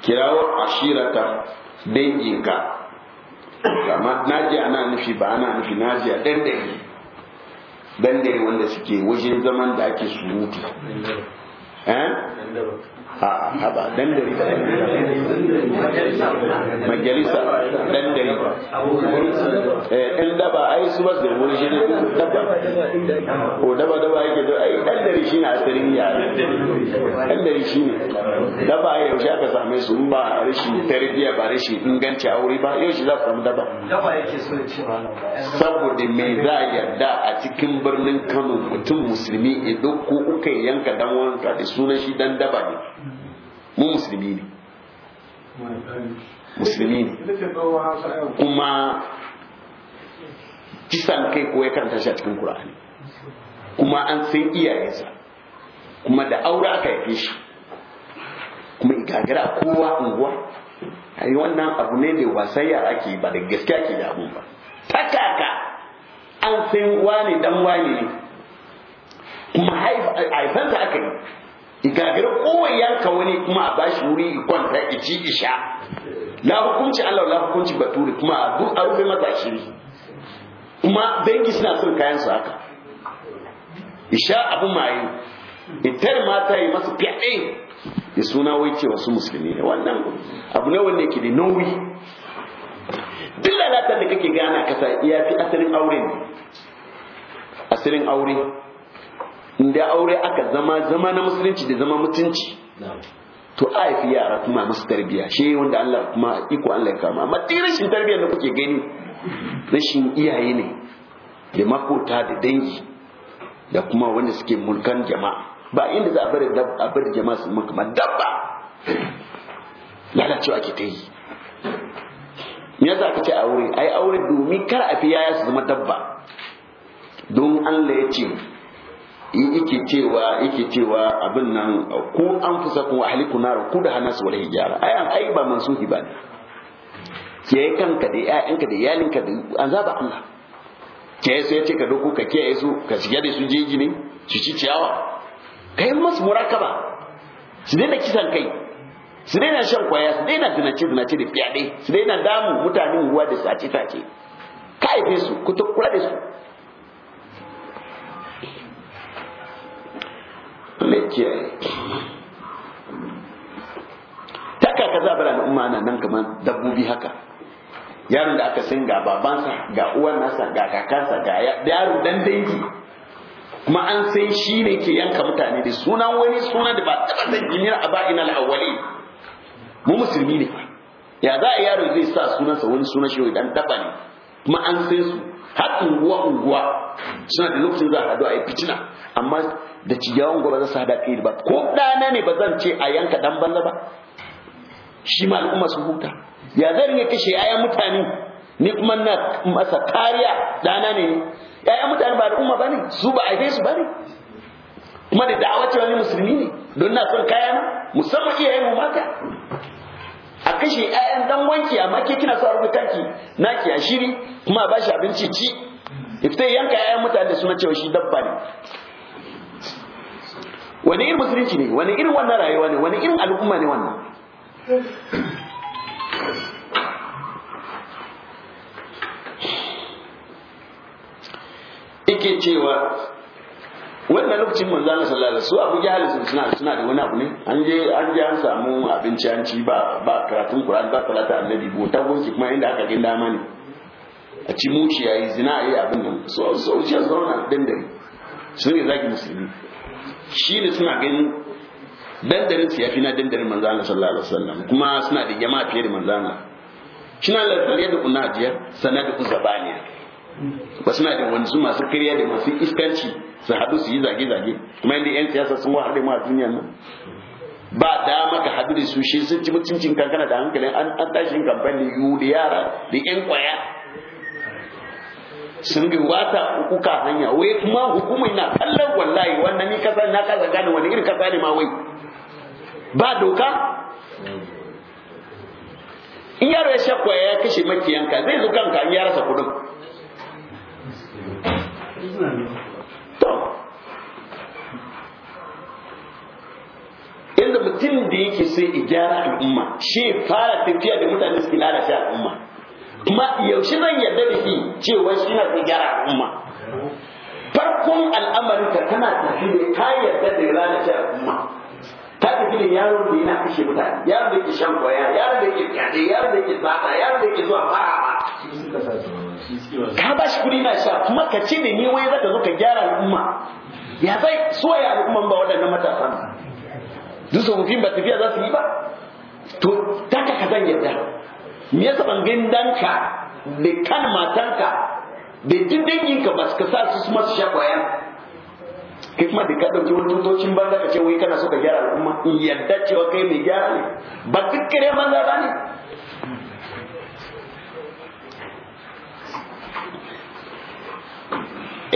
kirawo ashirata danginka Kama naji ana nufi ba ana nufi naji a dandare dandare wanda suke wajen zaman da ake surutu eh a haba dandari majalisa dandari ɗan eh, daba ai su bas da wurin shi ne daba ko oh, daba daba yake da ai dandari shi ne asirin ya dandari shi ne daba ai yaushe aka same su ba rashi tarbiya ba rashi inganci a ba ba shi za ku samu daba saboda me za a yarda a cikin birnin kano mutum musulmi idan ko kai yanka dan wanka da sunan shi dan daba ne mu musulmi ne musulmi ne kuma kisan kai ko ya karanta shi a cikin Qur'ani kuma an san iyayensa kuma da aure aka haife shi kuma igagara kowa unguwa ai wannan abu ne da wasayya ake ba da gaskiya ke da abun ba takaka an san wani dan wani ne kuma haifansa aka yi gagara kowa yanka wani kuma a bashi wuri kwanta iji isha la hukunci Allah la hukunci baturi kuma a duk a rufe masa shiri kuma dangi suna son kayan su haka isha abu mayu itar mata yi masu fyaɗe ya suna wai ce wasu musulmi ne wannan abu na wanne ke da nauyi duk lalatar da kake gana kasa ya fi asalin aure ne asalin aure inda aure aka zama zama na musulunci da zama mutunci to a fi yara kuma masu tarbiya shi wanda Allah kuma iko Allah ya kama amma dai rashin tarbiyyar da kuke gani rashin iyaye ne da makota da dangi da kuma wanda suke mulkan jama'a ba inda za a bari a bari jama'a su mulka dabba lalacewa ake ta yi me yasa aka ce aure ai aure domin kar a fi yaya su zama dabba don Allah ya ce yake cewa yake cewa abin nan ku an fusa ku ahliku nar ku da hanasu wal hijara an ai ba mansuhi ba ke kanka da ƴaƴanka da iyalinka da azaba Allah ke sai ce ka doko ka kiyaye su ka shiga da su jeji ne su ci ciyawa kai masu murakaba su daina kisan kai su daina shan kwaya su daina zinace zinace da fyaɗe su daina damu mutanen ruwa da sace sace ka aife su ku kula da su Allah kiyaye taka ka zabara al'umma na nan kamar dabbobi haka yaron da aka san ga babansa ga uwan nasa ga kakansa ga yaro dan dangi kuma an san shi ne ke yanka mutane da sunan wani sunan da ba taba san jinin a ba'ina al'awwali mu musulmi ne ya za a yaro zai sa sunansa wani sunan shi dan taɓa ne kuma an san su har unguwa unguwa suna da lokacin za a haɗu a yi fitina amma da ciyawan gaba za su haɗa kai ba ko ɗana ne ba zan ce a yanka ɗan banza ba shi ma al'umma su huta ya zan iya kashe yayan mutane ni kuma na masa kariya ɗana ne yayan mutane ba al'umma ba ne su ba aife su ba ne kuma da da'awa cewa ni musulmi ne don na son kaya musamman iyayen mu mata a kashe 'ya'yan dan wanki amma ke kina sa rubuta ki naki a shiri kuma ba shi abinci ci ifta yanka 'ya'yan mutane suna cewa shi dabba ne wani irin musulunci ne wani irin wannan rayuwa ne wani irin al'umma ne wannan ike cewa wannan lokacin manzo Allah sallallahu alaihi wasallam su Abu Jahal suna suna da wani abu ne an je an je an samu abinci an ci ba ba karatun Qur'ani ba salata annabi bo ta gunki kuma inda aka ginda mani a ci muci yayi zina yayi abin nan so so shi zauna dandare su ne zaki musulmi shi ne suna ganin dandarin su yafi na dandarin manzo Allah sallallahu alaihi wasallam kuma suna da jama'a fiye da manzo Allah kina la da unajiyar sanadu zabaniya ba suna da wanzu masu kariya da masu iskanci su haɗu su yi zage-zage kuma yadda 'yan siyasa sun wa mu a duniya nan ba dama ka haɗu da su shi sun ci mutuncin kankana da hankalin an tashin kamfani yiwu da yara da 'yan kwaya sun ga wata uku ka hanya wai kuma hukumai na kallon wallahi wannan ni kasa na kasa gane wani irin kasa ne ma wai ba doka in yaro ya sha kwaya ya kashe makiyanka zai zo kanka an yara rasa kudin inda mutum da yake sai a gyara al'umma shi fara tafiya da mutane suke lalace al'umma kuma yaushe zan yarda da shi cewa shi na sai gyara al'umma farkon al'amarin ka kana tafi da ka yarda da lalace al'umma haka filin yaron da yana kashe mutane yaron da ke shan kwaya yaron da ke fyaɗe yaron da ke zata yaron da ke zuwa fara ka ba shi kuɗi na sha kuma ka ce da ni wai zaka zo ka gyara al'umma ya zai soya al'umman ba waɗannan matasan duk tsofaffin ba tafiya za su yi ba to taka ka zan yadda me yasa ban gani danka da kan matanka da jin danginka ba su ka sa su su masu sha kwaya kai kuma da ka dauki wani tutocin banza ka ce wai kana so ka gyara al'umma in yadda cewa kai mai gyara ne ba kikkire kare banza ba ne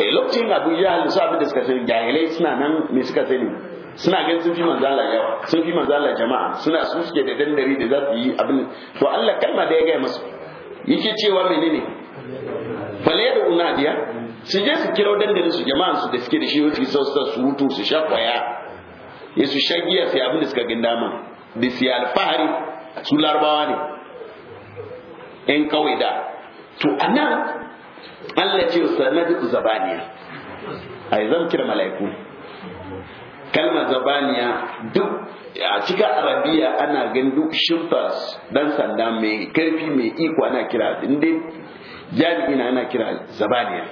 eh lokacin abu ya halisa abin da suka sani jahilai suna nan me suka sani suna gan sun fi manzo Allah yawa sun fi manzo Allah jama'a suna su suke da dandare da za su yi abin to Allah kalma da ya ga masu yake cewa menene fa la da unadiya su je su kira dandalin su jama'an su da suke da shi su su hutu su sha kwaya ya su sha giya su abin da suka gin dama da su yi alfahari su larabawa ne yan kawai da to anan Allah ce duk zabaniya yi zan kira mala'iku kalmar zabaniya duk a cika arabiya ana gan duk shimfas dan sanda mai karfi mai iko ana kira inda jami'ina ana kira zabaniya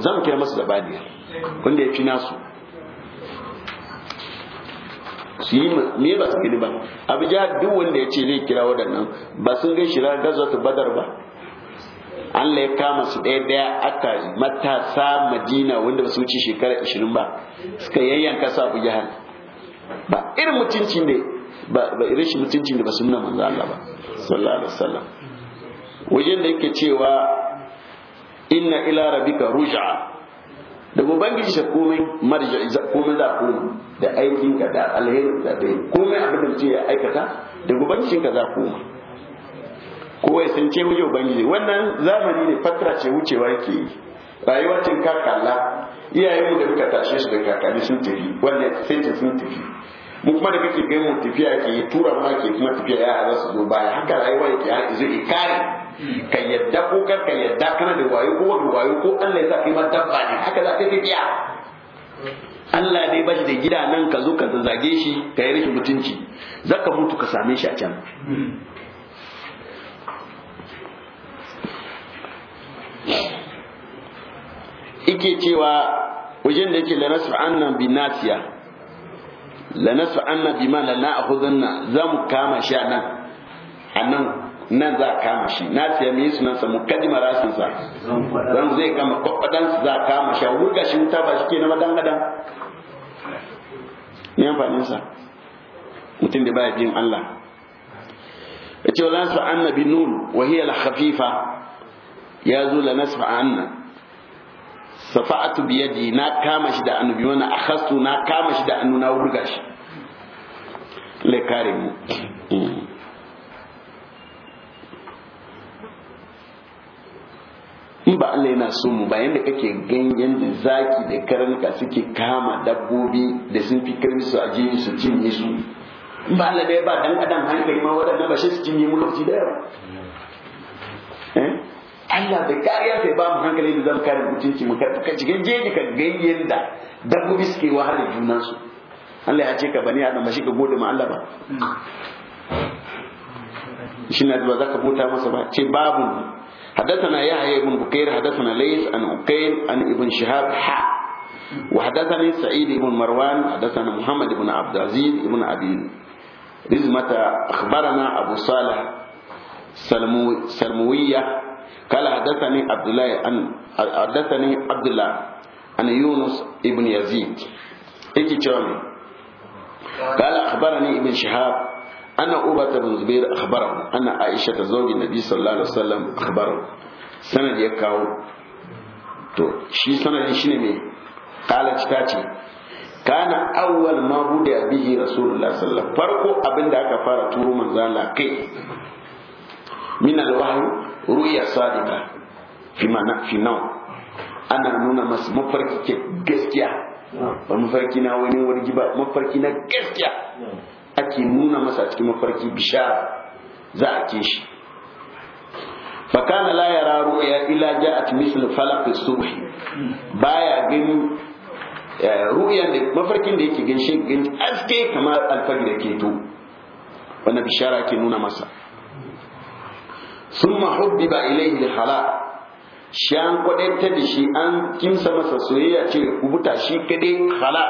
za mu kira masu zabaniya wanda ya fi nasu su yi me ba su gini ba abu ja duk wanda ya ce zai kira waɗannan ba sun gai shira gazwatu badar ba Allah ya kama su ɗaya ɗaya aka matasa madina wanda ba su wuce shekara ishirin ba suka yayyanka su abu jihar ba irin mutuncin ne ba irin shi mutuncin da ba sunna manzo Allah ba sallallahu alaihi wasallam wajen da yake cewa inna ila rabbika ruj'a da ubangiji shi komai marja komai za koma da aikin ka da alheri da dai komai abin da ce ya aikata da ubangiji ka za koma wai san ce wajen ubangiji wannan zamani ne fatra ce wucewa yake yi rayuwa cin kakalla iyayen da muka tashe su da kakanni sun tafi wannan sai sun tafi mu kuma da kake gaimu tafiya ke tura ma ke kuma tafiya ya za su zo baya haka rayuwa yake zai kare ka yadda ko kar ka yadda kana da wayo ko da wayo ko Allah ya sa kai mata dabba ne haka za ka yi tafiya Allah dai bashi da gida nan ka zo ka zage shi ka yi rashin mutunci zaka mutu ka same shi a can ike cewa wajen da yake lanasu annan bi nasiya lanasu annan bi ma lana a za mu kama shi a nan a nan nan za a kama shi na ce mai sunansa mukaddima rasinsa zan zai kama kwakwadansa za a kama shi a wurga shi wuta ba shi ke na madan adam ni sa. mutum da baya bin Allah ya ce wala su annabi nun wa hiya la khafifa ya zo la nasfa anna safa'atu bi yadi na kama shi da annabi wannan akhastu na kama shi da annu na wurga shi le kare mu in ba Allah yana so mu ba yanda kake ganyen da zaki da karanka suke kama dabbobi da sun fi karfi su aje su cinye su in ba Allah bai ba dan adam hankali ma wadannan ba shi su cinye mu lokaci da yawa eh Allah da kariya sai ba mu hankali da zamu kare mutunci mu ka cikin jeje ka ganyen da dabbobi suke wahala junan su Allah ya ce ka bani adam ba shi ka gode ma Allah ba hmm. shi na ba za ka bota masa ba ce babu حدثنا يحيى بن بكير حدثنا ليس عن أقيل عن ابن شهاب حا وحدثني سعيد بن مروان حدثنا محمد بن عبد العزيز بن أبي رزمة أخبرنا أبو صالح سلموية قال حدثني عبد الله أن حدثني عبد الله أن يونس ابن يزيد إيجي قال أخبرني ابن شهاب أنا أبا بن زبير أخبره أن عائشة زوج النبي صلى الله عليه وسلم أخبره سنة يكاو تو شي سنة يشيني مي قالت تاتي كان أول ما بدأ به رسول الله صلى الله عليه وسلم فرقوا أبن داك فارتور من زالا كي من الوحي رؤيا صادقة في ما في نوم أنا nuna مس mafarki كي gaskiya ba mafarki na wani wargi ba ake nuna masa cikin mafarki bishara za a ke shi fakana la yara ru'ya ila ja'at subhi baya gani ru'ya da mafarkin da yake ganshin ganshi aske kamar alfajir da ke to wannan bishara ke nuna masa summa hubbiba ilayhi al hala shi an kwadaitar da shi an kimsa masa soyayya ce kubuta shi kadai hala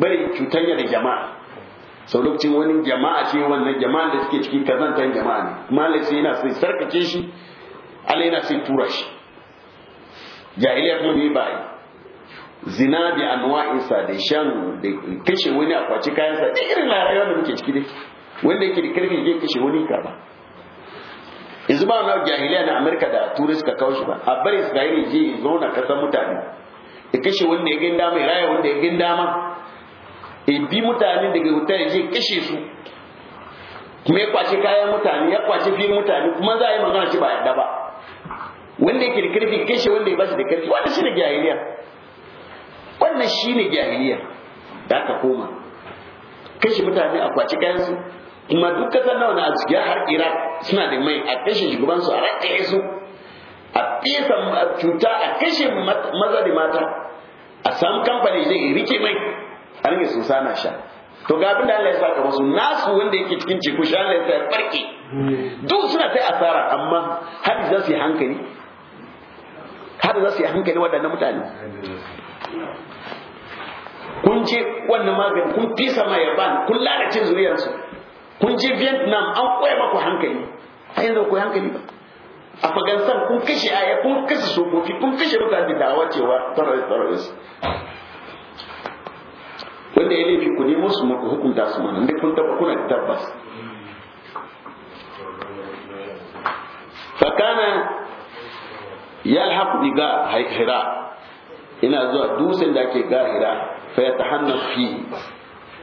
bari cutanya da jama'a sau lokacin wani jama'a ce wannan jama'a da suke ciki kazantan jama'a ne malik sai yana sai sarkace shi Allah yana sai tura shi jahiliya kuma ne ba zina bi anwa'insa da shan da kashe wani a kwaci kayansa duk irin rayuwa da muke ciki dai wanda yake da karfi zai kashe wani ka ba yanzu ba wani jahiliya na amurka da turai suka kawo shi ba a bari isra'ila je zo zauna kasan mutane ya kashe wanda ya gani dama ya raya wanda ya gani dama ya bi mutane daga wuta ya je kashe su kuma ya kwace kayan mutane ya kwace fiye mutane kuma za a yi magana shi ba yadda ba wanda yake da karfi kashe wanda ya ba da karfi wannan shi ne jahiliya wannan shi ne jahiliya da aka koma kashe mutane a kwace kayan su kuma duk kasar nawa wani a har iraq suna da mai a kashe shugabansu a rataye su a fesa cuta a kashe maza da mata a samu kamfani zai har mai sosa na sha to ga abin da Allah ya saka musu nasu wanda yake cikin ceku shi Allah ya sa barke duk suna ta asara amma har za su yi hankali har za su yi hankali waɗannan mutane kun ce wannan magani kun fisa ma yaban kun lalace zuriyarsu kun je vietnam an koya maku hankali a yanzu ku hankali ba A afghanistan kun kashe aya kun kashe sokofi, kun kashe mutane da cewa terrorist terrorist wanda ya laifi ku nemo su muku hukunta su mana inda kun taba kuna tabbas fakana yalhaq bi ga hira ina zuwa dusan da ake ga hira fa yatahanna fi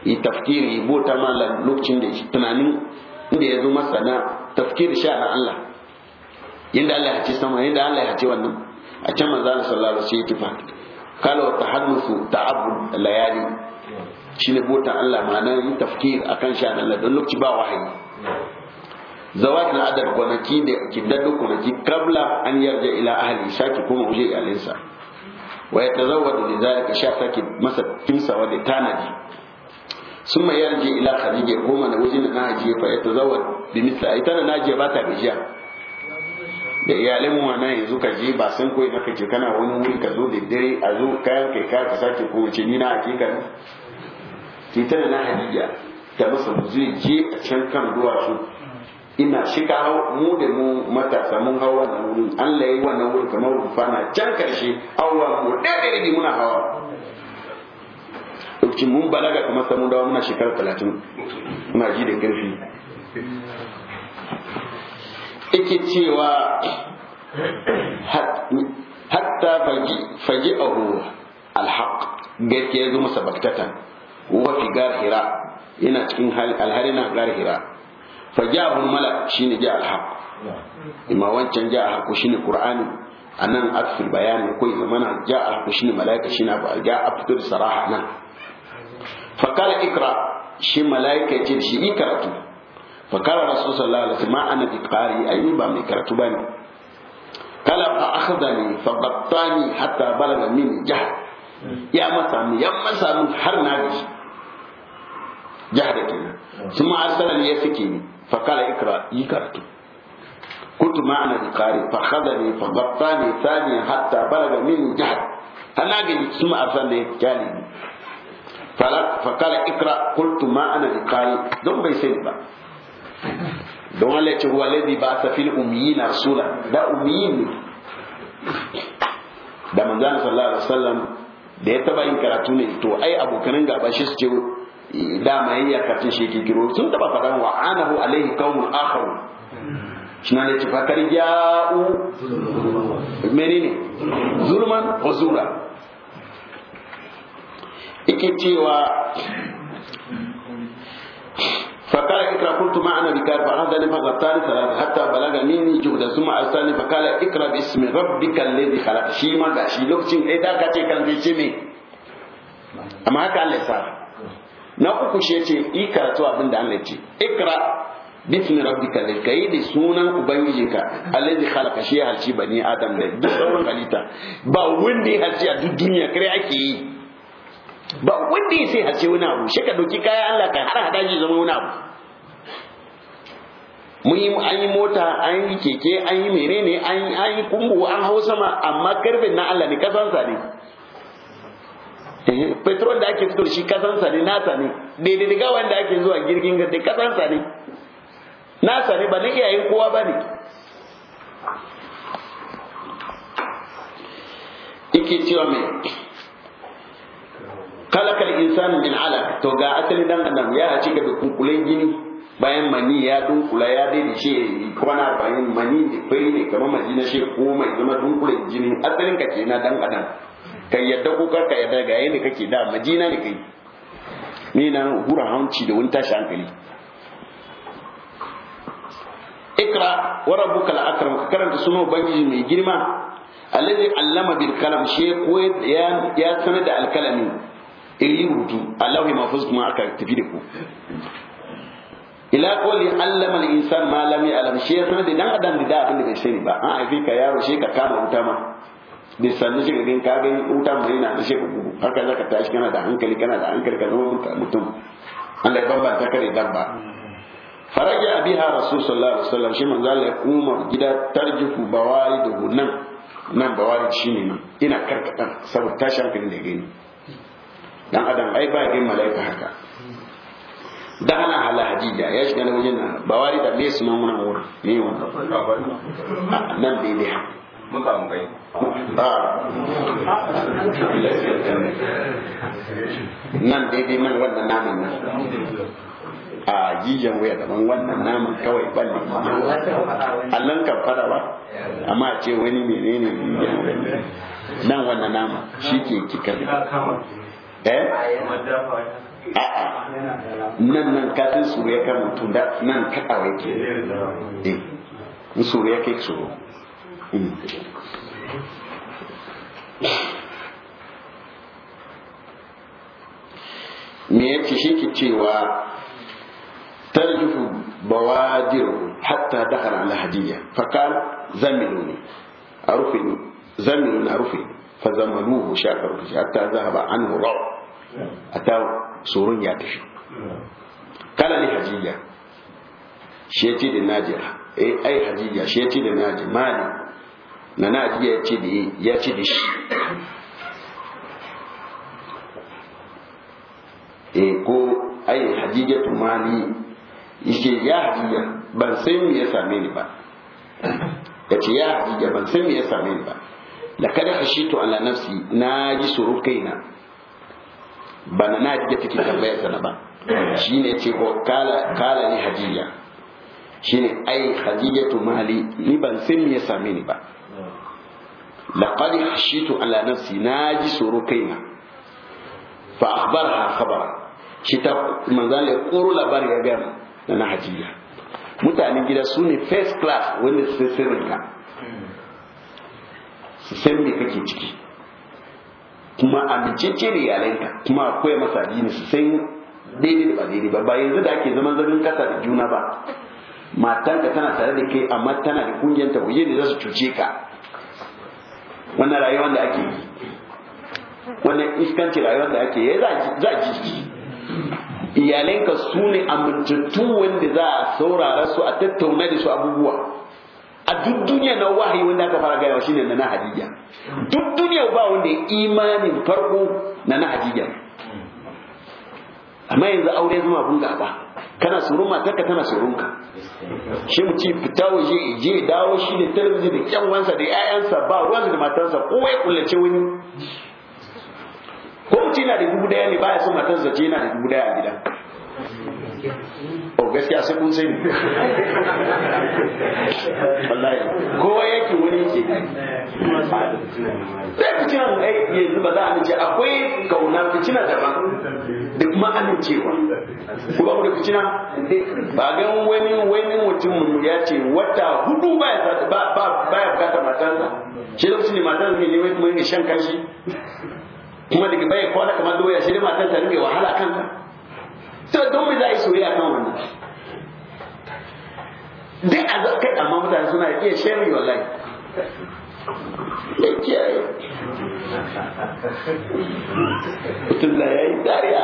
yi tafkiri bota mala lokacin da tunanin inda ya zo masa na tafkiri sha na Allah yanda Allah ya ce sama yanda Allah ya ce wannan a can manzo Allah sallallahu alaihi wasallam yake fa kala wa tahaddusu ta'abbud layali shine bota Allah ma'anar tafkir akan shi Allah don lokaci ba wahayi zawat na adad kwanaki da kiddadu kwanaki kabla an yarje ila ahli shaki kuma uje iyalinsa wa yatazawwadu lidhalika shafaki masa kimsawa da tanadi ثم يرجع الى خديجه كما نوجد ناجيه فيتزوج بمثل اي تana najiya ba ta gajiya da iyalin ma na yanzu ka je ba sun koyi naka je kana wani wuri ka zo da dare a zo kayan kai ka sake ko ce ni na hakika ke tana na hadiya da masa zai je a can kan duwatsu ina shika hau mu da mu matasa mun hau wannan wurin Allah ya yi wannan wurin kamar rufa na can karshe awwa mu ɗaya da muna hawa lokacin mun balaga kamar samun dawa muna shekara talatin muna ji da ƙarfi ike cewa hatta faji ruwa alhaq gaskiya zo masa baktatan wa fi garhira yana cikin alhari na garhira fa ja'ahul malak shine ja alhaq imma wancan ja alhaq shine qur'ani anan akfil bayani ko zamana ja alhaq shine malaika shine abu ja afdur saraha nan fa kala ikra shi malaika ce shi ikratu fa kala rasul sallallahu alaihi wasallam ana bi qari ayi ba mai karatu bane kala fa akhdani fa battani hatta balaga min jahannam ya masa mu ya masa mu har na gaji jahada kenan sun ma arsalan ya sake ni fa kala ikra yi karatu kuntu ma ana bi qari fa khadani fa ghattani thani hatta balaga min jahad har na gaji sun ma arsalan ne kyale ni fa kala ikra kuntu ma ana bi qari don bai sai ba don Allah ce huwa ladhi ba'atha fil ummiyina rasula da ummiyin da manzon sallallahu alaihi wasallam da ya taba yin karatu ne to ai abokanin gaba shi su ce dama yayi yakacin shi ke kiro sun taba faɗan wa anahu alaihi qaumun akhar shi ne ci fakar ya'u menene zulman huzura ike cewa فقال اقرا قلت ما انا بكار فاخذني فغطاني ثلاثه حتى بلغ مني جهدا ثم ارسلني فقال اقرا باسم ربك الذي خلق شي ما غاشي لوكشين اي دا كاتي كان في شي amma haka Allah ya sa na uku shi yace i karatu abin da Allah ya ce ikra bismi rabbika da kai da sunan ubangijinka allazi khalaqa shi ya halci bani adam da duk sauran halitta ba wanda halci a duk duniya kare ake yi ba wanda ya sai ce wani abu shi ka kayan Allah kan har hada shi zama wani abu mun yi an yi mota an yi keke an yi menene an yi an yi kungu an hau sama amma karfin na Allah ne kasansa ne eh, petrol da ake fito shi kasansa ne nasa ne daidai daga wanda ake zuwa girgin gadi kasansa ne nasa ne ba na iyayen kowa ba ne ike cewa mai kalakal insanu min alaq to ga asalin dan adam ya haci ga kunkulen gini bayan mani ya dunkula ya daidai shi kwana bayan mani da fari ne kamar madina shi ko mai zama dunkulen gini asalin ka kenan dan adam kai yadda ko ka ka yadda ga yayin kake da madina ne kai ni nan hura hanci da wani tashi hankali ikra wa rabbukal akram ka karanta suno bangiji mai girma alladhi allama bil kalam shi ko ya sanar da alkalami Eh, yi rubutu Allah ya mafuz kuma aka tafi da ku ila qali allama al-insan ma lam ya'lam shi ya da dan adam da abin da bai sani ba an haife ka yaro shi ka kama wuta ma da sanu shi ga ka ga wuta mai na shi ku haka zaka tashi kana da hankali kana da hankali ka zama mutum Allah ya bambanta ka da dan ba faraja biha rasul sallallahu alaihi wasallam shi manzo Allah ya kuma gida tarjiku bawali da nan nan bawali shine nan ina karkata saboda tashi hankali da gani dan adam ai ba gin malaika haka da ana hala hadija ya shiga na wajen nan ba wari da me su nan wannan wurin ne wannan nan dai dai ah. nan daidai man wannan naman nan a jijiyan wuya daban wannan naman kawai balle allon kan fada ba amma a ce wani menene jijiyan wuya nan wannan naman shi ke kikar eh nan nan kafin su ya kan mutum da nan kaɗawa yake eh in suru ya kai tsoro hmm. me yake shi ke cewa tarjufu bawadiru hatta dakhala ala hadiyya fakal zamiluni arufini zamiluni arufini fa zamanuhu shakaru hatta zahaba anhu raw ata surun ya tafi kana ni da naji eh mali na naji yace da yace da shi eh ko ai hajijatu mali yace ya hajiya ban san me ya same ba yace ya hajiya ban san me ya ba lakad khashitu ala nafsi na ji tsoro kaina bana na ji da take tambaya sana ba shine ce ko kala kala ni hadiya shine ai hadiyatu mali ni ban san me ya same ni ba laqad khashitu ala nafsi na ji tsoro kaina fa akhbarha khabara shi ta manzan ya koro labari ya gama na na hajiya mutanen gida su first class wanda su sirrinka su san me kake ciki kuma amincece da iyalanka kuma akwai masa addini su san daidai da ba daidai ba ba yanzu da ake zaman zarin kasa da juna ba matanka tana tare da kai amma tana da kungiyar ta ne za su cuce ka wannan rayuwar da ake yi wannan iskanci rayuwar da ake yi za a ji iyalanka su ne amintattu wanda za a saurara su a tattauna da su abubuwa a duk duniya na wahayi wanda aka fara gaya shine na na hadija duk duniya ba wanda imanin farko na na hadija amma yanzu aure zama abun gaba kana surun matarka tana surun ka shi mu ci fita waje je dawo shi da talabijin da kyan wansa da yayansa ba ruwansa da matarsa ko ya kullace wani ko mutum na da dubu daya ne ba ya so matarsa ce yana da dubu daya a gida gaskiya sai kun sai wallahi ko yake wani yake sai ku fitina mu ai yanzu ba za a nace akwai kauna ku daban da ba duk kuma amincewa ko ba mu ku fitina ba ga wani wani mutum ya ce wata hudu ba ya ba ba ba ya bukata matarsa shi da ne matarsa ne ne kuma ne shan kashi kuma daga baya kwana kamar doya shi ne matarsa rike wahala kanta sai don me za a yi soyayya kan wannan duk a zaka amma mutane suna iya sharri wallahi kiyaye mutum da ya yi dariya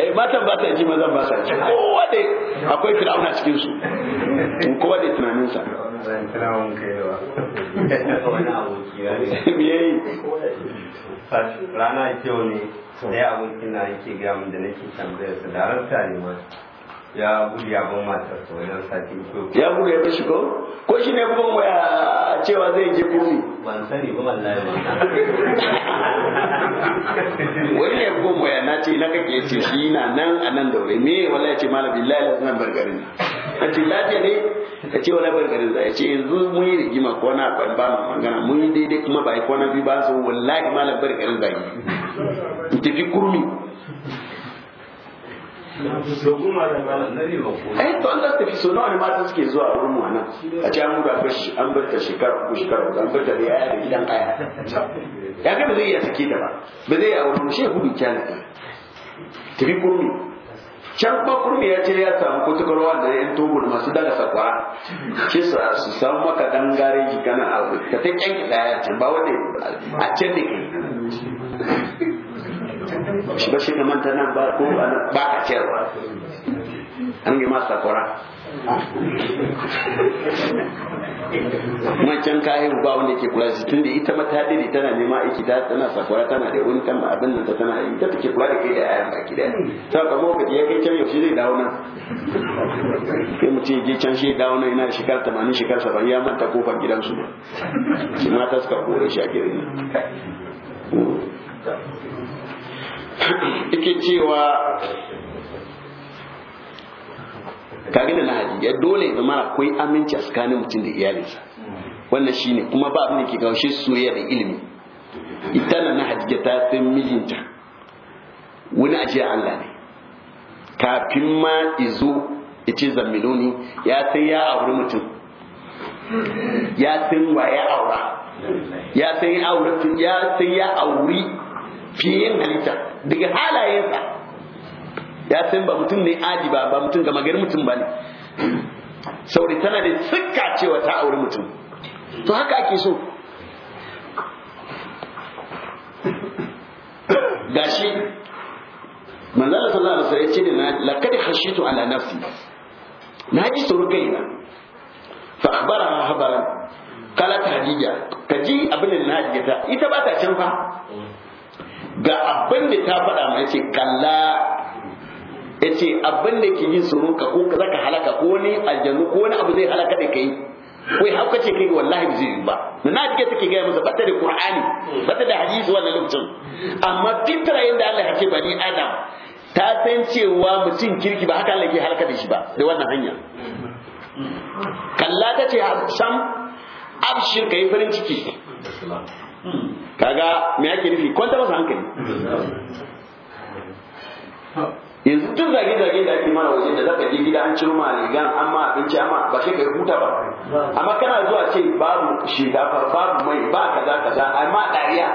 eh matan ba ta ji mazan ba ji kowa da akwai fir'auna cikin su kowa da tunanin sa biyayi rana kyau ne na yake gamin da nake tambayar su darasta ne ma ya gudu ya ban matar ta wajen sati ko ya gudu ya bashi ko ko shine kuma waya cewa zai je kurmi ban sani ba wallahi ba wani ya kuma waya na ce na kake ce shi na nan a nan daure me wallahi ya ce malam billahi la zan bar garin a ce lafiya ne ka ce wani bar garin ya ce yanzu mun yi rigima ko na ban ba mu magana mun yi daidai kuma ba yi kwana biyu ba su wallahi malam bar garin zai tafi kurmi eh to an za fi so nawa ne mata suke zuwa wurin mu nan a ce an ga fashi an bar ta shekara ko shekara an bar ta da yaya da gidan kaya ya ga ba zai iya sake ta ba ba zai iya mu shi hudu kyan ta tafi kurmi can ba kurmi ya ce ya samu kutukarwa da yan togo da masu daga sakwa shi su samu maka dan gareji kana abu ka ta ki daya can ba wani a can shi ba shi ka manta nan ba ko ba a cewa an yi masa kwara wancan kayan ba wanda ke kula da tun da ita mata dare tana nema aiki ta tana sakwara tana da wani kan abin nan ta tana yi ta take kula da kai da ayan baki da ta ka mu ya kai can yaushe zai dawo nan sai mu ce je can shi dawo nan yana shekara 80 shekara 70 ya manta kofar gidansu shi mata suka kore shi a gidan ike cewa kage da lahadi ya dole zama akwai aminci a tsakanin mutum da iyalinsa wannan shine kuma ba abin da ke gaushe soyayya da ilimi ita na hajjia ta san mijinta wani ajiya Allah ne kafin ma izo ya ce ya san ya auri mutum ya san wa ya aura ya san ya auri fiye halitta daga halayensa ya san ba mutum ne adi ba ba mutum gama gari mutum ba ne saboda tana da tsika cewa ta auri mutum to haka ake so gashi manzala sallallahu alaihi wasallam ya ce ne laqad khashitu ala nafsi na ji tsoro kaina fa akhbara habara kala hadija kaji abin da na ta ita ba ta can fa ga abin da ta faɗa mai ce kalla ya ce abin da ke yin tsoron ka ko za ka halaka ko wani aljanu ko wani abu zai halaka da kai kai hauka ce kai wallahi zai yi ba na na take take gaya masa bata da qur'ani bata da hadisi wannan lokacin amma duk tarayin da Allah ya ce bani adam ta san cewa mutum kirki ba haka Allah ke halaka da shi ba da wannan hanya kalla ta ce sam abshir kai farin ciki kaga me ake nufi kwanta masa hankali yanzu duk zage-zage da ake mana wajen da ka je gida an ciro ma rigan an ma abinci amma ba shi yi huta ba amma kana zuwa ce babu shinkafa babu mai ba kaza kaza amma dariya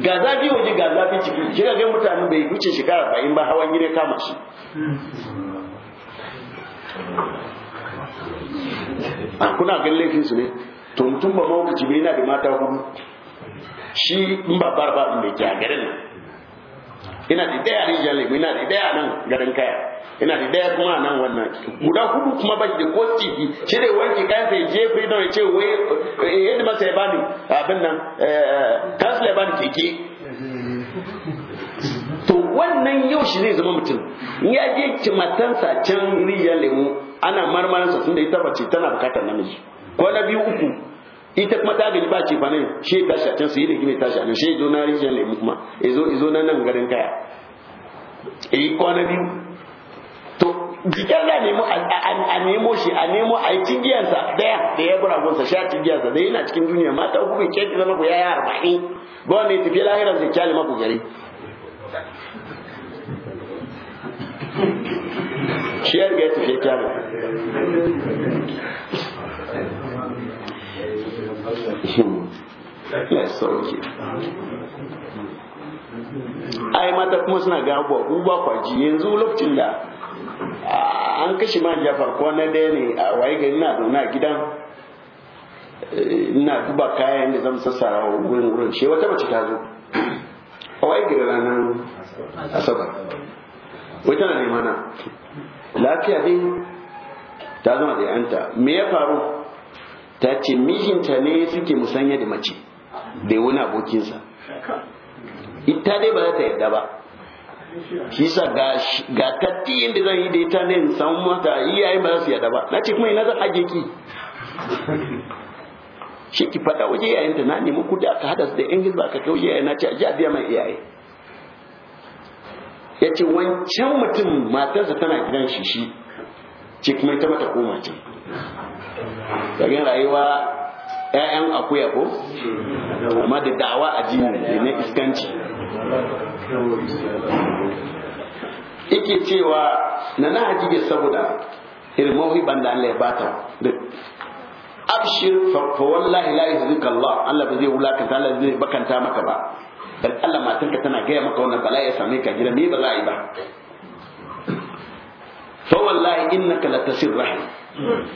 ga zafi waje ga zafi ciki shi ga mutane bai wuce shekara arba'in ba hawan gida kama shi kuna ganin laifinsu ne to mutum ba mawukaci bai yana da mata hudu shi in ba barba in da ke garin nan ina da daya rijiyar lemu ina da daya nan garin kaya ina da daya kuma nan wannan guda hudu kuma ban da ko tiki shi ne wanke kayan sai je fi nan ya ce wai eh, yadda masa ya bani abin nan eh, kansila ya bani keke to wannan yau shi zai zama mutum ya je matansa can rijiyar lemu ana marmaransa tun da ita bace tana bukatar namiji ko na biyu uku ita kuma ta gaji ba ce fa nan shi tashi a can su yi da gimi tashi a nan shi zo na rijiyar lemu kuma izo izo na nan garin kaya eh kwana biyu to jikin da nemo a nemo shi a nemo a yi cingiyarsa daya da ya buragunsa sha cingiyarsa da yana cikin duniya mata uku bai kyaki zama ku yaya arba'in ba wanda ya tafi lahirar zai kyale maku gari shi ya ya tafi kyale sauke ai mata kuma suna ga abuwa ku kwaji yanzu lokacin da an kashe ma jafar ko na daya ne a waye gari na zaune na gidan eh, ina duba kayan da zan sassara wurin wurin shi wata mace ta zo a waye gari ranar asabar wai tana nema na lafiya din ta zama da yanta me ya faru ta ce mijinta ne suke musanya da mace da wani abokinsa ita dai ba za ta yarda ba shi sa ga tatti inda zan yi da ita ne in samu mata iyayen ba za su yarda ba na ce kuma ina zan hage ki shi ki faɗa waje ta na nemi kudi aka hada su da yan gizba aka kai iyaye na ce a biya mai iyaye ya ce wancan mutum matarsa tana gidan shi shi ce kuma ita mata koma ce kagin rayuwa ƴaƴan akuya ko amma da da'awa a jini ne na iskanci ike cewa na na hajjige saboda irin mawai da Allah ya bata abshir fa wallahi la yuhzika Allah Allah ba zai ta Allah zai bakanta maka ba dan Allah matarka tana gaya maka wannan bala'i ya same ka gida me ba za yi ba fa wallahi innaka latasir rahim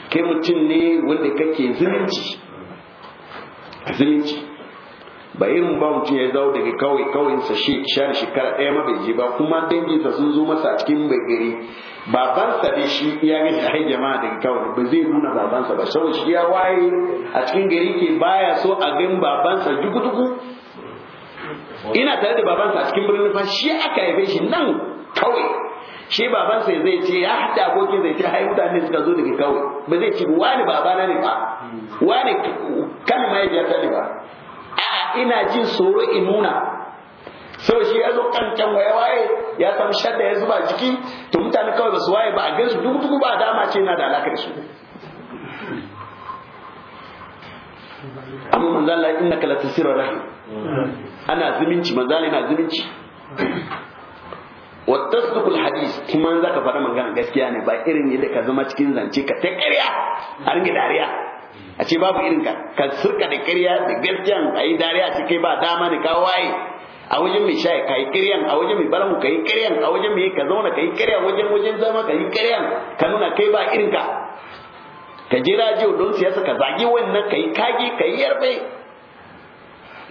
kai mutum ne wanda kake zumunci zumunci ba irin ba mutum ya zawo daga kawai kawai sa shi share shekara ɗaya ma bai je ba kuma danginsa sun zo masa a cikin bai gari babansa da shi ya ga shi jama'a daga kawai ba zai nuna babansa ba saboda shi ya waye a cikin gari ke baya so a gan babansa dukuduku? ina tare da babansa a cikin birnin fa shi aka haife shi nan kawai shi sai zai ce ya hada abokin zai ce hai mutane suka zo daga kawai ba zai ce wani babana ne ba wani kan ya ne ba a ina jin tsoro in nuna shi ya zo kankan waye waye ya san shadda ya zuba jiki to mutane kawai ba su waye ba a gan su duk duk ba dama ce na da alakar su amma manzo Allah innaka la rahim ana zumunci manzo Allah yana zumunci wa tasdiqul hadis kuma za ka faɗa magana gaskiya ne ba irin yadda ka zama cikin zance ka ta ƙarya a ringa dariya a ce babu irin ka ka surka da ƙarya da gaskiya a yi dariya a ce kai ba dama ne ka waye a wajen mai shayi ka yi ƙarya a wajen mai balamu ka yi ƙarya a wajen mai ka zauna ka yi ƙarya wajen wajen zama ka yi ƙarya ka nuna kai ba irin ka ka jira jiyo don siyasa ka zagi wannan ka yi kage ka yi yarbe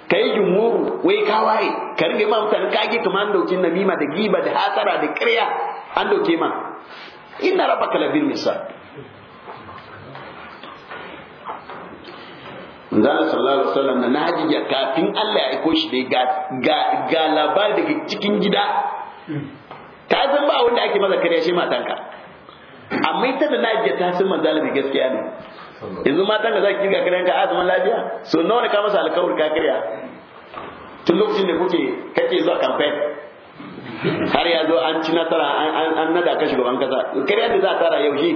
kai jumuru wai ka waye ka rige ma mutane ake kuma an dauki namima da giba da hasara da ƙarya an dauke ma inna rabbaka labil misal Manzana sallallahu alaihi wasallam na ya kafin Allah ya aiko shi dai ga ga, ga labari daga cikin gida ka san ba wanda ake maza kariya shi matanka amma ita da najiya ta san manzana gaskiya ne yanzu matan da za ki kiran ka a zaman lafiya so nawa ne ka masa alkawar ka kirya tun lokacin da kuke kake zuwa campaign har ya zo an ci nasara an nada kashi shugaban kasa kirya da za a tara yaushe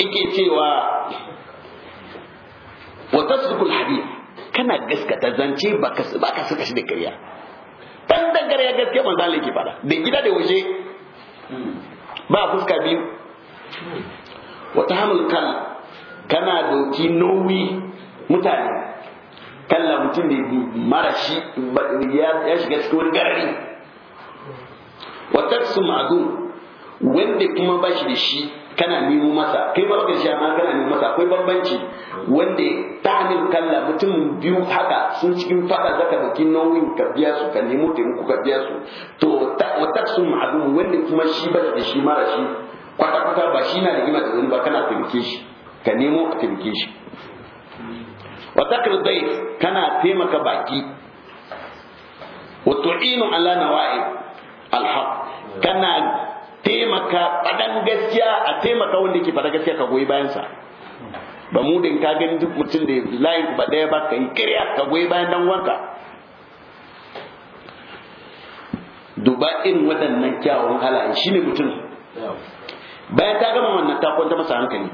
ike cewa wa kula hadith kana gaskata zance baka ka suka shi da kariya Ban da kirya gaske manzo Allah fada da gida da waje ba fuska biyu wata hamil kala kana doki nauyi mutane kalla mutum ne mara shi ya shiga cikin wani gari wata su ma'adun wanda kuma ba shi da shi kana nemo masa kai ba ka shi amma kana nemo masa akwai bambanci wanda ta hannun kalla mutum biyu haka sun cikin fada zaka doki nauyin ka biya su ka nemo taimako ka biya su to wata su ma'adun wanda kuma shi ba da shi mara shi kwata kwata ba shi na rigima da zunuba kana taimake shi ka nemo a taimake shi wa takar kana taimaka baki wa tu'inu ala nawa'i alhaq kana taimaka fadan gaskiya a taimaka wanda yake fada gaskiya ka goyi bayan sa ba mu din ka gani duk mutum da layin ba daya ba ka yi kirya ka goyi bayan dan wanka duba irin waɗannan kyawun halaye shine mutum bayan ta gama wannan ta kwanta masa hankali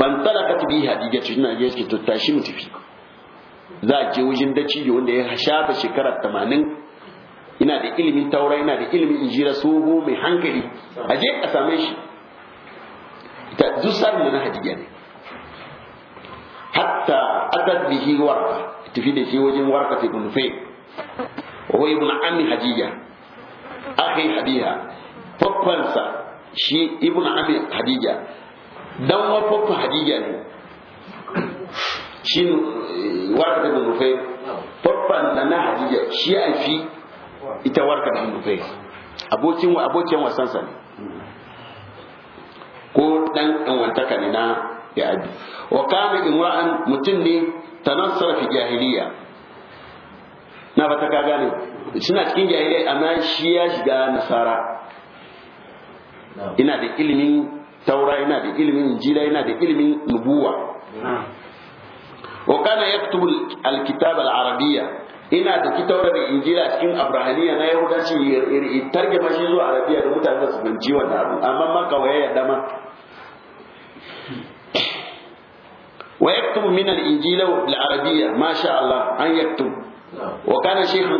fantalakat bi hadiga tun na yake to tashi mu tafi za a je wajen dacijo wanda ya shafa shekarar 80 ina da ilimin taura ina da ilimin injira soho mai hankali a je a same shi ta dusar na hadiga ne hatta adad bihi warqa tafi da shi wajen warqa ibn fay wa ibn ammi hadiya akhi hadiya fakkansa shi ibn abi hadija dan wafafa hadija ne shi eh, warka da nufai faffan da na hadija shi ya fi ita warka da nufai abokin wa abokin wasansa ne ko dan ɗanwantaka ne na ya abi wa kana imra'an mutum ne tanassara fi jahiliya na ba ta ka gane suna cikin jahiliya amma shi ya shiga nasara ina da ilimin taura ina da ilimin injila ina da ilimin nubuwa wa kana yaktubu alkitab alarabiyya ina da kitaura da cikin abrahaniya na yahudanci tarjuma shi zuwa arabiya da mutane su binci wannan abu amma maka waye ya dama wa yaktubu min alinjila alarabiyya ma Allah an yaktubu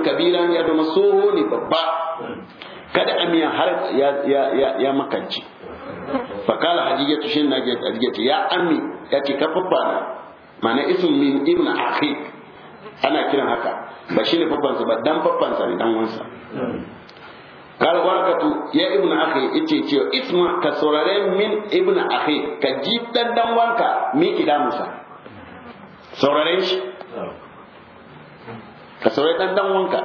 kabira ya dama ne babba kada amiya har ya makanci. fakala hadiya tushin na hadiya ya ammi ya ka kafafa mana isun min ibn akhi ana kiran haka ba shine sa ba dan sa ne dan wansa kala warakatu ya ibn akhi ice ce isma ka sorare min ibn akhi ka ji dan dan wanka mi kida musa sorare shi ka sorare dan dan wanka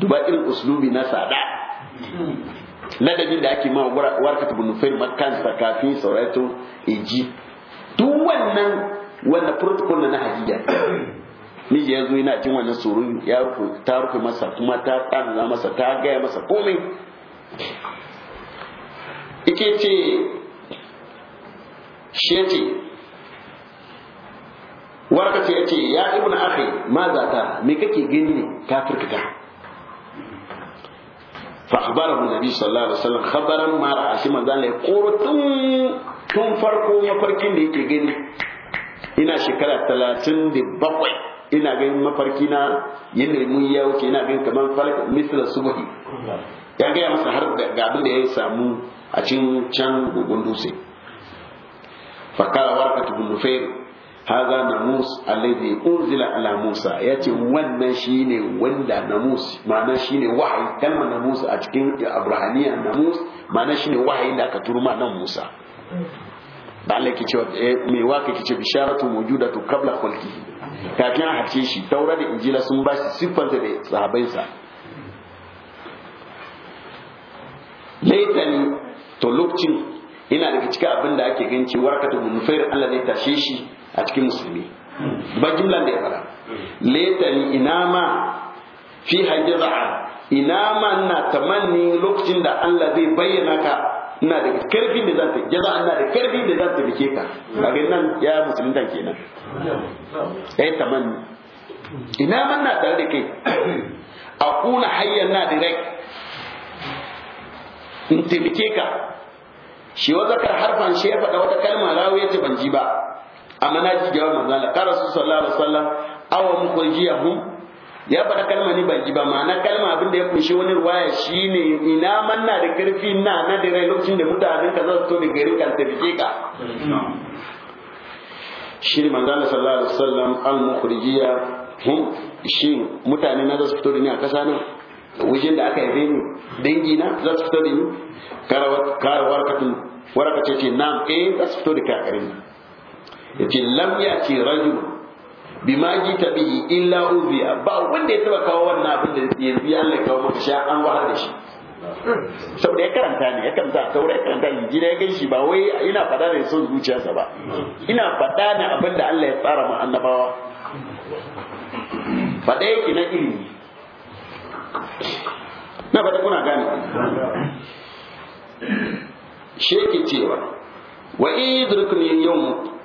duba irin uslubi na sada Hmm. ladabin da ake ma warkata bin nufair makansa kafin saurato iji duk wannan wannan protocol na hajiya ni (coughs) ya zo yana cin wannan tsoron ya rufe ta rufe masa kuma ta tsanza masa ta gaya masa komai ike ce shi ya ce warka ya ce ya ibn akhi ma za ta me kake gani ne kafirka ka فأخبره النبي صلى الله عليه وسلم خبرا ما رأى سيما ذلك قرطن tun farko mafarkin da yake gani ina shekara talatin da bakwai ina ganin mafarki na yin nemi ya wuce ina ganin kamar farka misal subuhi ya gaya masa har ga abin da ya samu a cikin can gugun dutse fakara warka tubun nufair haza namus alladhi unzila ala musa yace wannan shine wanda namus ma'ana shine wahayi na namus a cikin na namus ma'ana shine wahayi da aka turo nan musa da Allah ke cewa mai waka ke ce bisharatu mujudatu qabla khalqihi kafin a hace shi taura da injila sun ba shi siffar da sahabainsa laitani to lokacin ina daga cikin abin da ake gan cewa warkatu bin nufair Allah ne tashe shi a cikin musulmi ba jumlan da ya fara letani ina ma fi hajjaza ina ma na tamanni lokacin da Allah zai bayyana ka ina da karfin da zan tafi jaza ina da karfin da zan tafi ka kaga nan ya musulunta kenan eh tamanni ina man na tare da kai a kuna hayyan na direct in taimake ka shi wa zakar harfan shi ya faɗa wata kalma rawu ya ce ban ji ba amma na ji jawab manzo Allah karasu sallallahu alaihi wasallam awa mukhrijiyahum ya fara kalma ni ban ji ba ma'ana kalma abin da ya kunshi wani ruwaya shine ina manna da karfi na na da rai lokacin da mutanen ka za su to da garin kan tafi ka shi ne manzo Allah sallallahu alaihi wasallam al mukhrijiya hum shi mutane na za su fito da ni a kasa na wajen da aka yabe ni dangi na za su fito da ni karawar karatun waraka ce ce na'am eh za su fito da kakarin yace lam yati rajul bima jita bihi illa uziya ba wanda ya taba kawo wannan abin da yanzu ya Allah kawo maka sha an wahar da shi saboda ya karanta ne ya karanta saboda ya karanta jira ya gan shi ba wai ina faɗa da son zuciyarsa ba ina faɗa da abin da Allah ya tsara ma annabawa faɗa yake na ilimi na faɗa kuna gane shi yake cewa wa idrukni yawm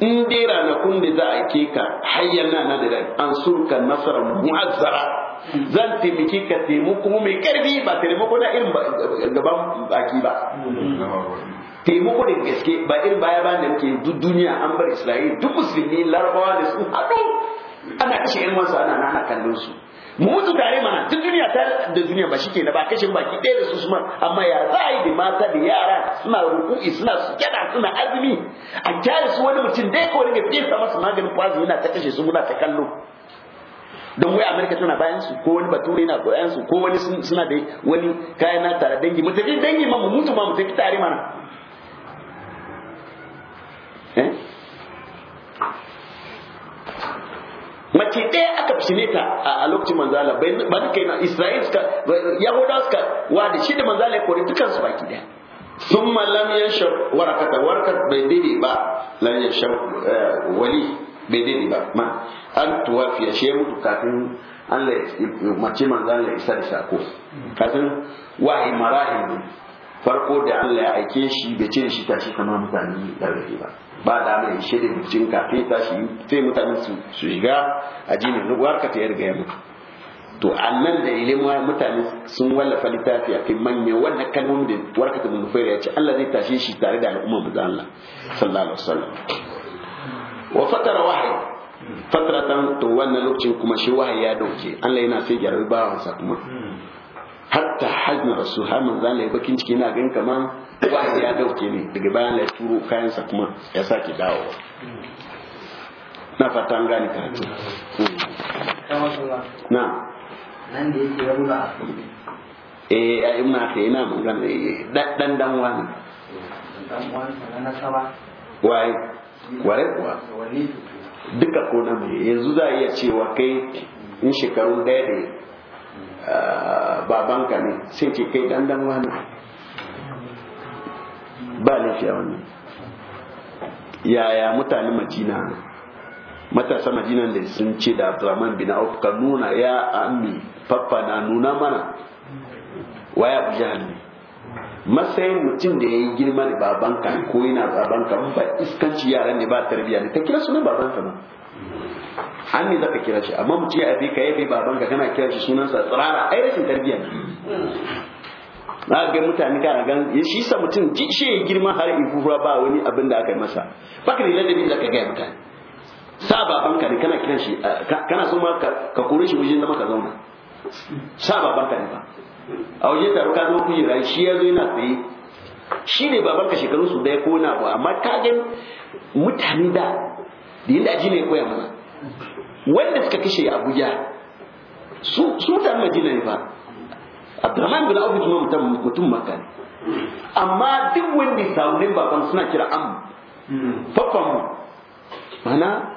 in dai ranakun da za a ke ka hayyan na da an surka nasarar mu'azzara zan taimake ka taimako kuma mai karfi ba taimako na irin gaban baki ba taimako da gaske ba irin baya ba da muke duk duniya an bar isra'ila duk musulmi larabawa da su haɗu ana ce yan wasu ana nana kallon su mu mutu tare mana duk duniya ta da duniya ba shike na ba kashe baki ɗaya da su suma amma ya za a yi da mata da yara suna ruku'i suna sujada suna azumi a kyale su wani mutum dai kawai daga fesa masa maganin kwazi yana ta kashe su muna ta kallo don wai amurka tana bayan su ko wani bature na bayan su ko wani suna da wani kayan na tare dangi mu tafi dangi ma mu mutu ma mu tafi tare mana eh mace ɗaya aka fitine ta a lokacin manzala ba duka yana isra'il suka yahuda suka wa da shi da manzala ya kori dukan su baki daya sun lam yashar warakata warakat bai daidai ba lam yashar eh, wali bai daidai ba ma an tuwafiya shi ya mutu kafin Allah mace manzala ya isa da sako kafin wahi marahin farko da Allah ya aike shi bai cire shi tashi kamar mutane da ba ba da mai shirya bincin ta shi sai mutane su shiga a jini nuwar ka ta yarga ya mutu to annan da ilimin mutane sun wallafa littafi a kai manyan wannan kalmomin da warkata mun fara ya ce Allah zai tashe shi tare da al'umma mu Allah sallallahu alaihi wasallam wa fatara wahyi fatara to wannan lokacin kuma shi wahayi ya dauke Allah yana sai jarar bawansa kuma hmm. ta hajjin rasu har manzan lai bakin ciki na gan kaman wahayi ya dauke ne daga bayan ya turo kayansa kuma ya sake dawo na fata fatan gani karatu na nan da yake rabula eh a imna ka ina magana eh, dan dan wani dan wani na ware kuwa duka ko na mai yanzu za a iya cewa kai in shekaru daya da Ah, babanka ne sai ce kai dan dan wani ba laifi a wannan yaya mutane majina matasa majina da sun ce da abdulrahman bin auf ka nuna ya ammi faffa na nuna mana waya bu masayin mutum da ya yi girma da babanka ko yana babanka ba iskanci yaran ne ba tarbiyya ne ta kira sunan babanka ba ammi zaka kira shi amma mu ce abi ka yabi baban ka kana kira shi sunan sa tsirara ai rashin tarbiyya na ga mutane kana gan shi sa mutum ji shi girma har fufura ba wani abin da aka yi masa baka ne ladabi zaka ga mutane sa baban ka ne kana kiran shi eh, kana so ma ka kore shi wajen zama ka zauna sa baban ka ne ba a waje taro ka zama kujera shi ya zo yana tsaye shi ne baban ka shekaru su daya ko na ba amma ka ga mutane da da yadda aji ne koya mana wanda suka kashe abuja su su ta madina ne ba abdurrahman bin abu kuma mutum mutum maka amma duk wanda saurin baban suna kira am fafan mu mana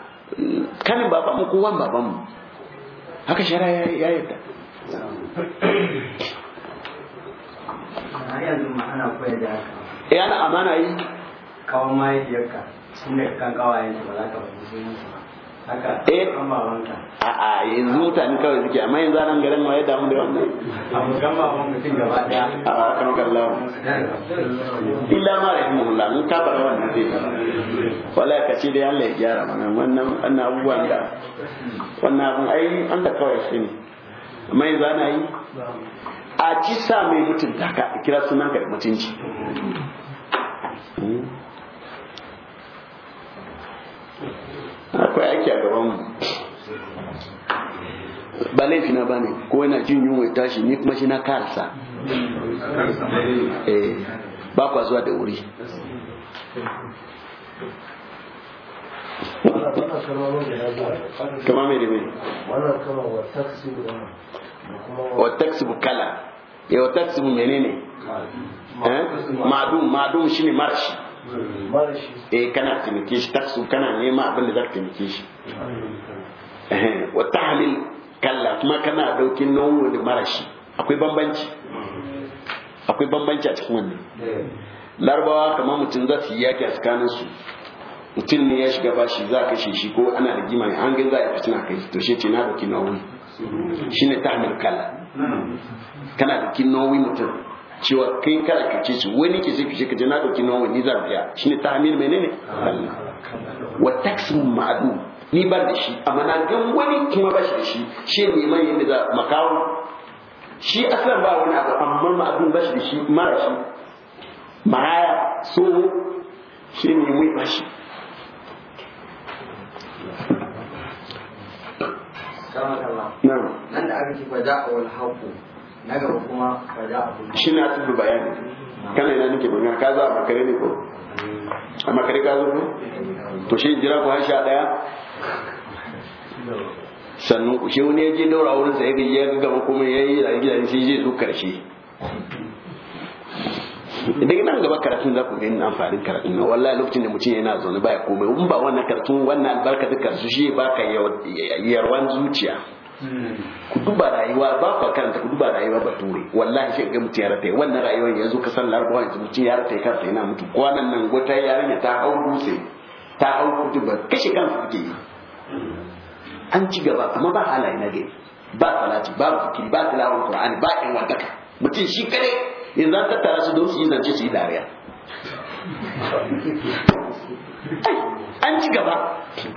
kanin baban mu kowan baban mu haka shara ya yadda ya eh, ana amana yi. Kawon mahaifiyarka, sun da kan kawayen ba za ka bari sun yi eh a a yanzu mutane kawai suke amma yanzu anan garin ma ya damu da wannan a musamman mutum gaba daya a kan kallon illa ma rahimahullah mun ka fara wannan zai wala ka ce dai Allah ya gyara mana wannan wannan abubuwan da wannan abun ai an da kawai shi ne amma yanzu ana yi a ci sa mai mutunta ka kira sunan ka mutunci hmm. akwai aiki a gaban mu ba laifi na bane ko yana jin yunwa tashi ni kuma shi na karsa eh ba kwa zuwa da wuri kama mai dame wa wa bu kala ya eh, wa taksibu menene eh, ma'adum ma'adum shine marashi eh kana taimake shi taksu kana nema abin da zaka taimake shi eh, wa tahlil kalla kuma kana daukin nono da marashi akwai bambanci akwai bambanci a cikin wannan larabawa kamar mutum za su yi yaki a tsakanin su mutum ne ya shiga bashi za ka kashe shi ko ana da gima ne hangin za a yi fitina kai to shi ce na dauki nauyi shine tahlil kalla kana daukin nauyi mutum cewa kai ka kice shi wani fice ka je na dauki nawa ni zan biya shine tahmil menene wa taksim ma'du ni ban da shi amma na ga wani kuma ba shi da shi shi ne mai yanda za makawo shi aslan ba wani abu amma ma'du ba shi da shi mara shi maraya so shi ne mai ba shi Na'am. Nan da abin aka za a wani haƙo na ne kuma shi yanzu? kana yana nake bayan ka za a makare ne ko a makare ka zo to shi jira ku har sha daya sannan ku shi wani ya je daura wurin sa yadda ya gaba kuma ya yi zagi zagi sai zai zo karshe idan nan gaba karatun za ku gani amfanin karatun nan wallahi lokacin da mutum yana zaune baya komai in ba wannan karatun wannan albarka da karsu shi baka yarwan zuciya ku duba rayuwa ba ku karanta ku duba rayuwa bature wallahi shi ga mutum ya rata wannan rayuwar yanzu ka san larabawa yanzu mutum ya rata kansa yana mutu kwanan nan wata yarinya ta hau dutse ta hau kudu ba kashe kansa kuke yi an ci gaba amma ba halaye na gari ba salati ba fikiri ba tilawar qur'ani ba in wadaka mutum shi kare yanzu an tattara su don su yi zance su yi dariya an ci gaba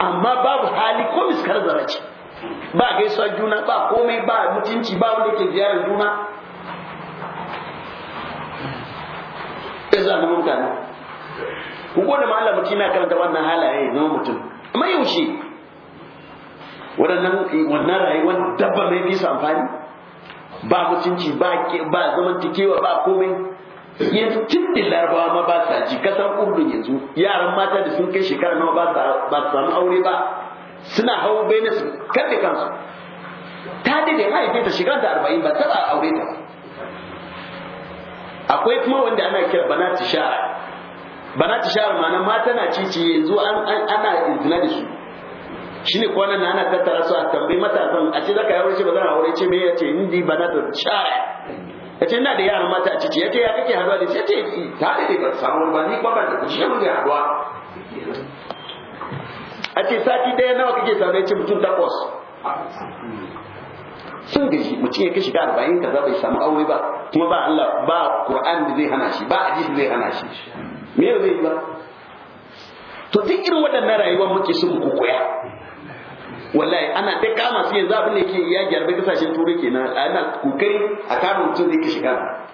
amma babu hali ko miskar zarace ba gaisuwa juna ba komai ba mutunci ba wanda ke ziyarar juna ya zama mutane ku gode ma Allah mutum yana karanta wannan halaye ya zama mutum amma yaushe waɗannan eh, wannan rayuwar dabba mai fi amfani ba mutunci ba ba tikewa ba komai yanzu tun larabawa ma ba sa ji kasar urdun yanzu yaran mata da sun kai shekara nawa ba sa samu aure ba suna hawa bai na karfe kansu ta daidai mahaifin ta shekara arba'in ba taba aure ta ba akwai kuma wanda ana kira bana tishara bana tishara ma'ana mata na cici yanzu ana izina da su ne kwanan na ana tattara su a tambayi matasan a ce zaka yawon shi ba zan aure ce me yace indi bana tishara ya ce ina da yaran mata a cici ya ce ya kake haruwa da shi ya ce tare da ba samu ba ni kwabar da shi mun ga a ce sati daya nawa kake samu ci mutum takwas sun gaji mutum ya kashi da arba'in kaza bai samu aure ba kuma ba Allah ba Qur'an da zai hana shi ba hadisi zai hana shi me zai yi ba to duk irin waɗannan rayuwar muke sun mu koya wallahi ana ta kama su yanzu abin da yake ya gyarbe kasashen turai kenan ana kokari a kama mutum zai kashi kana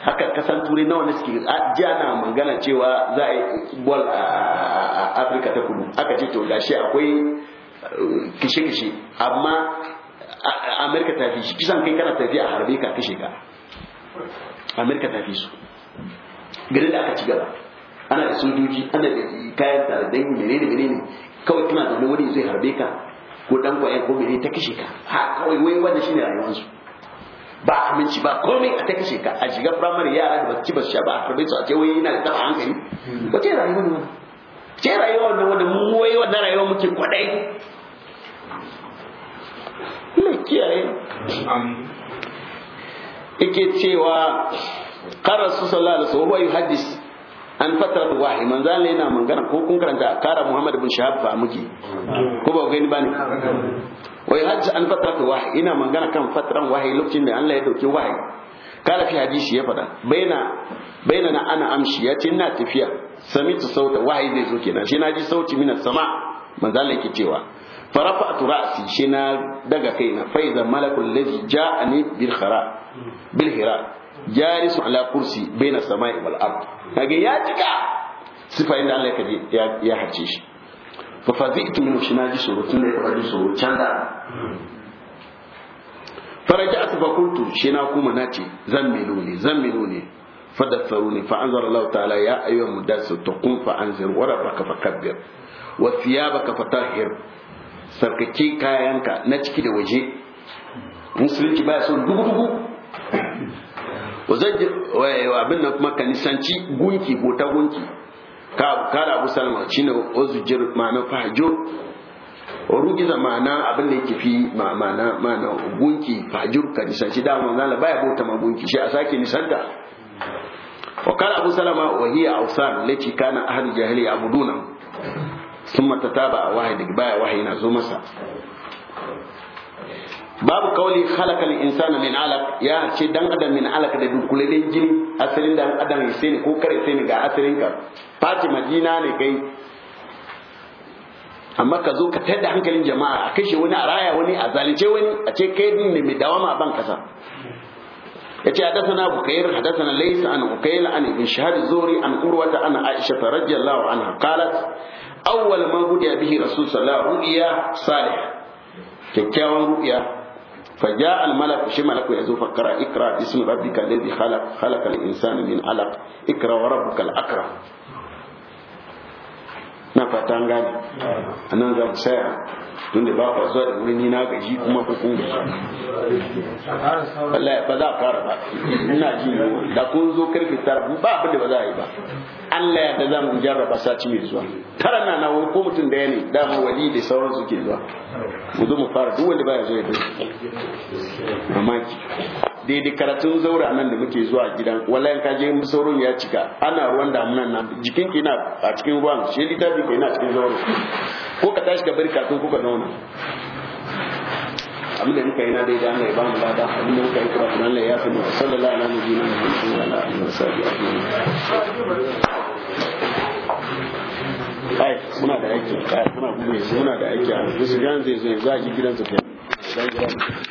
haka kasan turai nawa ne suke jiya na magana cewa za a yi bol a afirka ta kudu aka ce to gashi akwai eh, kishi-kishi amma amerika ta fi shi kisan kai kana tafiya a harbe ka kashe ka amerika ta fi su gari da aka ci gaba ana da sojoji ana da kayan taradai menene ne kawai kana da wani zai harbe ka ko dan kwayan ko menene ta kashe ka ha kawai wai wannan shine rayuwarsu ba aminci ba komai a ta kashe ka a shiga firamare yara da basu ci basu sha ba a karbe su a ce wai yana da hankali wace rayuwa ne ce rayuwa wanda wanda mu wai rayuwa muke kwadai ina kiyaye yake cewa qara su sallah da wasallam yi hadis an fatar wahi manzo Allah yana magana ko kun karanta kara Muhammad bin Shahab fa muke ko ba gani ne wai hajji an fatar da wahayi ina magana kan fatran wahayi lokacin da Allah ya dauki wahayi kala fi hadisi ya fada baina baina na ana amshi ya ce ina tafiya samitu sauta wahayi zai zo kenan shi na ji sauti mina sama manzo Allah yake cewa farafa'tu ra'si shi na daga kaina fa iza malakul ladhi ja'ani bil khara bil hira jalisu ala kursi baina samai wal ard kage ya jika sifai da Allah ya kaje ya hace shi fa fazi'tu min shi na ji surutun da ya ji surutun da faraki asuba kultu shi na kuma na ce zan milo ne zan milo ne fadassaru ne fa anzara Allah ta'ala ya ayyuha mudassir taqum fa anzir wa rabbaka fakabbir wa thiyabaka fatahhir sarkake kayanka na ciki da waje musulunci baya son dubu dubu wajen abin nan kuma ka nisanci gunki ko ta gunki ka abu salma shine ozujir ma'ana fahjur rugiza ma'ana abin da yake fi ma'ana ma'ana gunki fajir ka nisanci da manzo Allah baya bota ma gunki shi a sake nisanta wa kana abu salama wa hiya awsan lati kana ahli jahili abuduna thumma tataba wahid baya wahayi na zo masa babu kauli khalaqa al-insana min alaq ya ce dan adam min alaq da dunkulelen jini asalin dan adam sai ne ko kare sai ne ga asalin ka fatima jina ne kai amma ka zo ka tayar da hankalin jama'a a kashe wani a raya wani a zalunce wani a ce kai din ne mai dawama a ban kasa yace hadathana bukair hadathana laysa an ukail an ibn shahab zuri an urwata an aisha Ta radhiyallahu anha qalat awwal ma hudiya bihi rasul sallallahu alaihi wasallam salih kyakkyawan ru'ya فجاء الملك شي ملك يزو فقرا اقرا باسم ربك الذي خلق خلق الانسان من علق اقرا وربك الاكرم na fatan gani a nan za mu saya tun da ba ka zuwa da wurin nina na gaji kuma ku kun wallahi ba za a fara ba ina ji da kun zo karfe tara ba abin da ba za a yi ba Allah ya da za mu jarraba sati mai zuwa tara na na wani ko mutum daya ne da mu wali da sauran suke zuwa mu zo mu fara duk wanda ya zo ya mamaki daidai karatun zaura nan da muke zuwa gidan wallahi ka je sauran ya cika ana ruwan damunan nan jikinki na a cikin ruwan shi littafi ka yana cikin zaura ko ka tashi ka bari karatun kuka zauna abin da muka yi na daidai Allah ya ba mu lada abin da muka yi kuma kuma lai ya fi mu sallallahu alaihi wa sallam wa alihi wa sahbihi kai muna da aiki kai muna gube muna da aiki a musu gan zai zo za a ji gidansa kai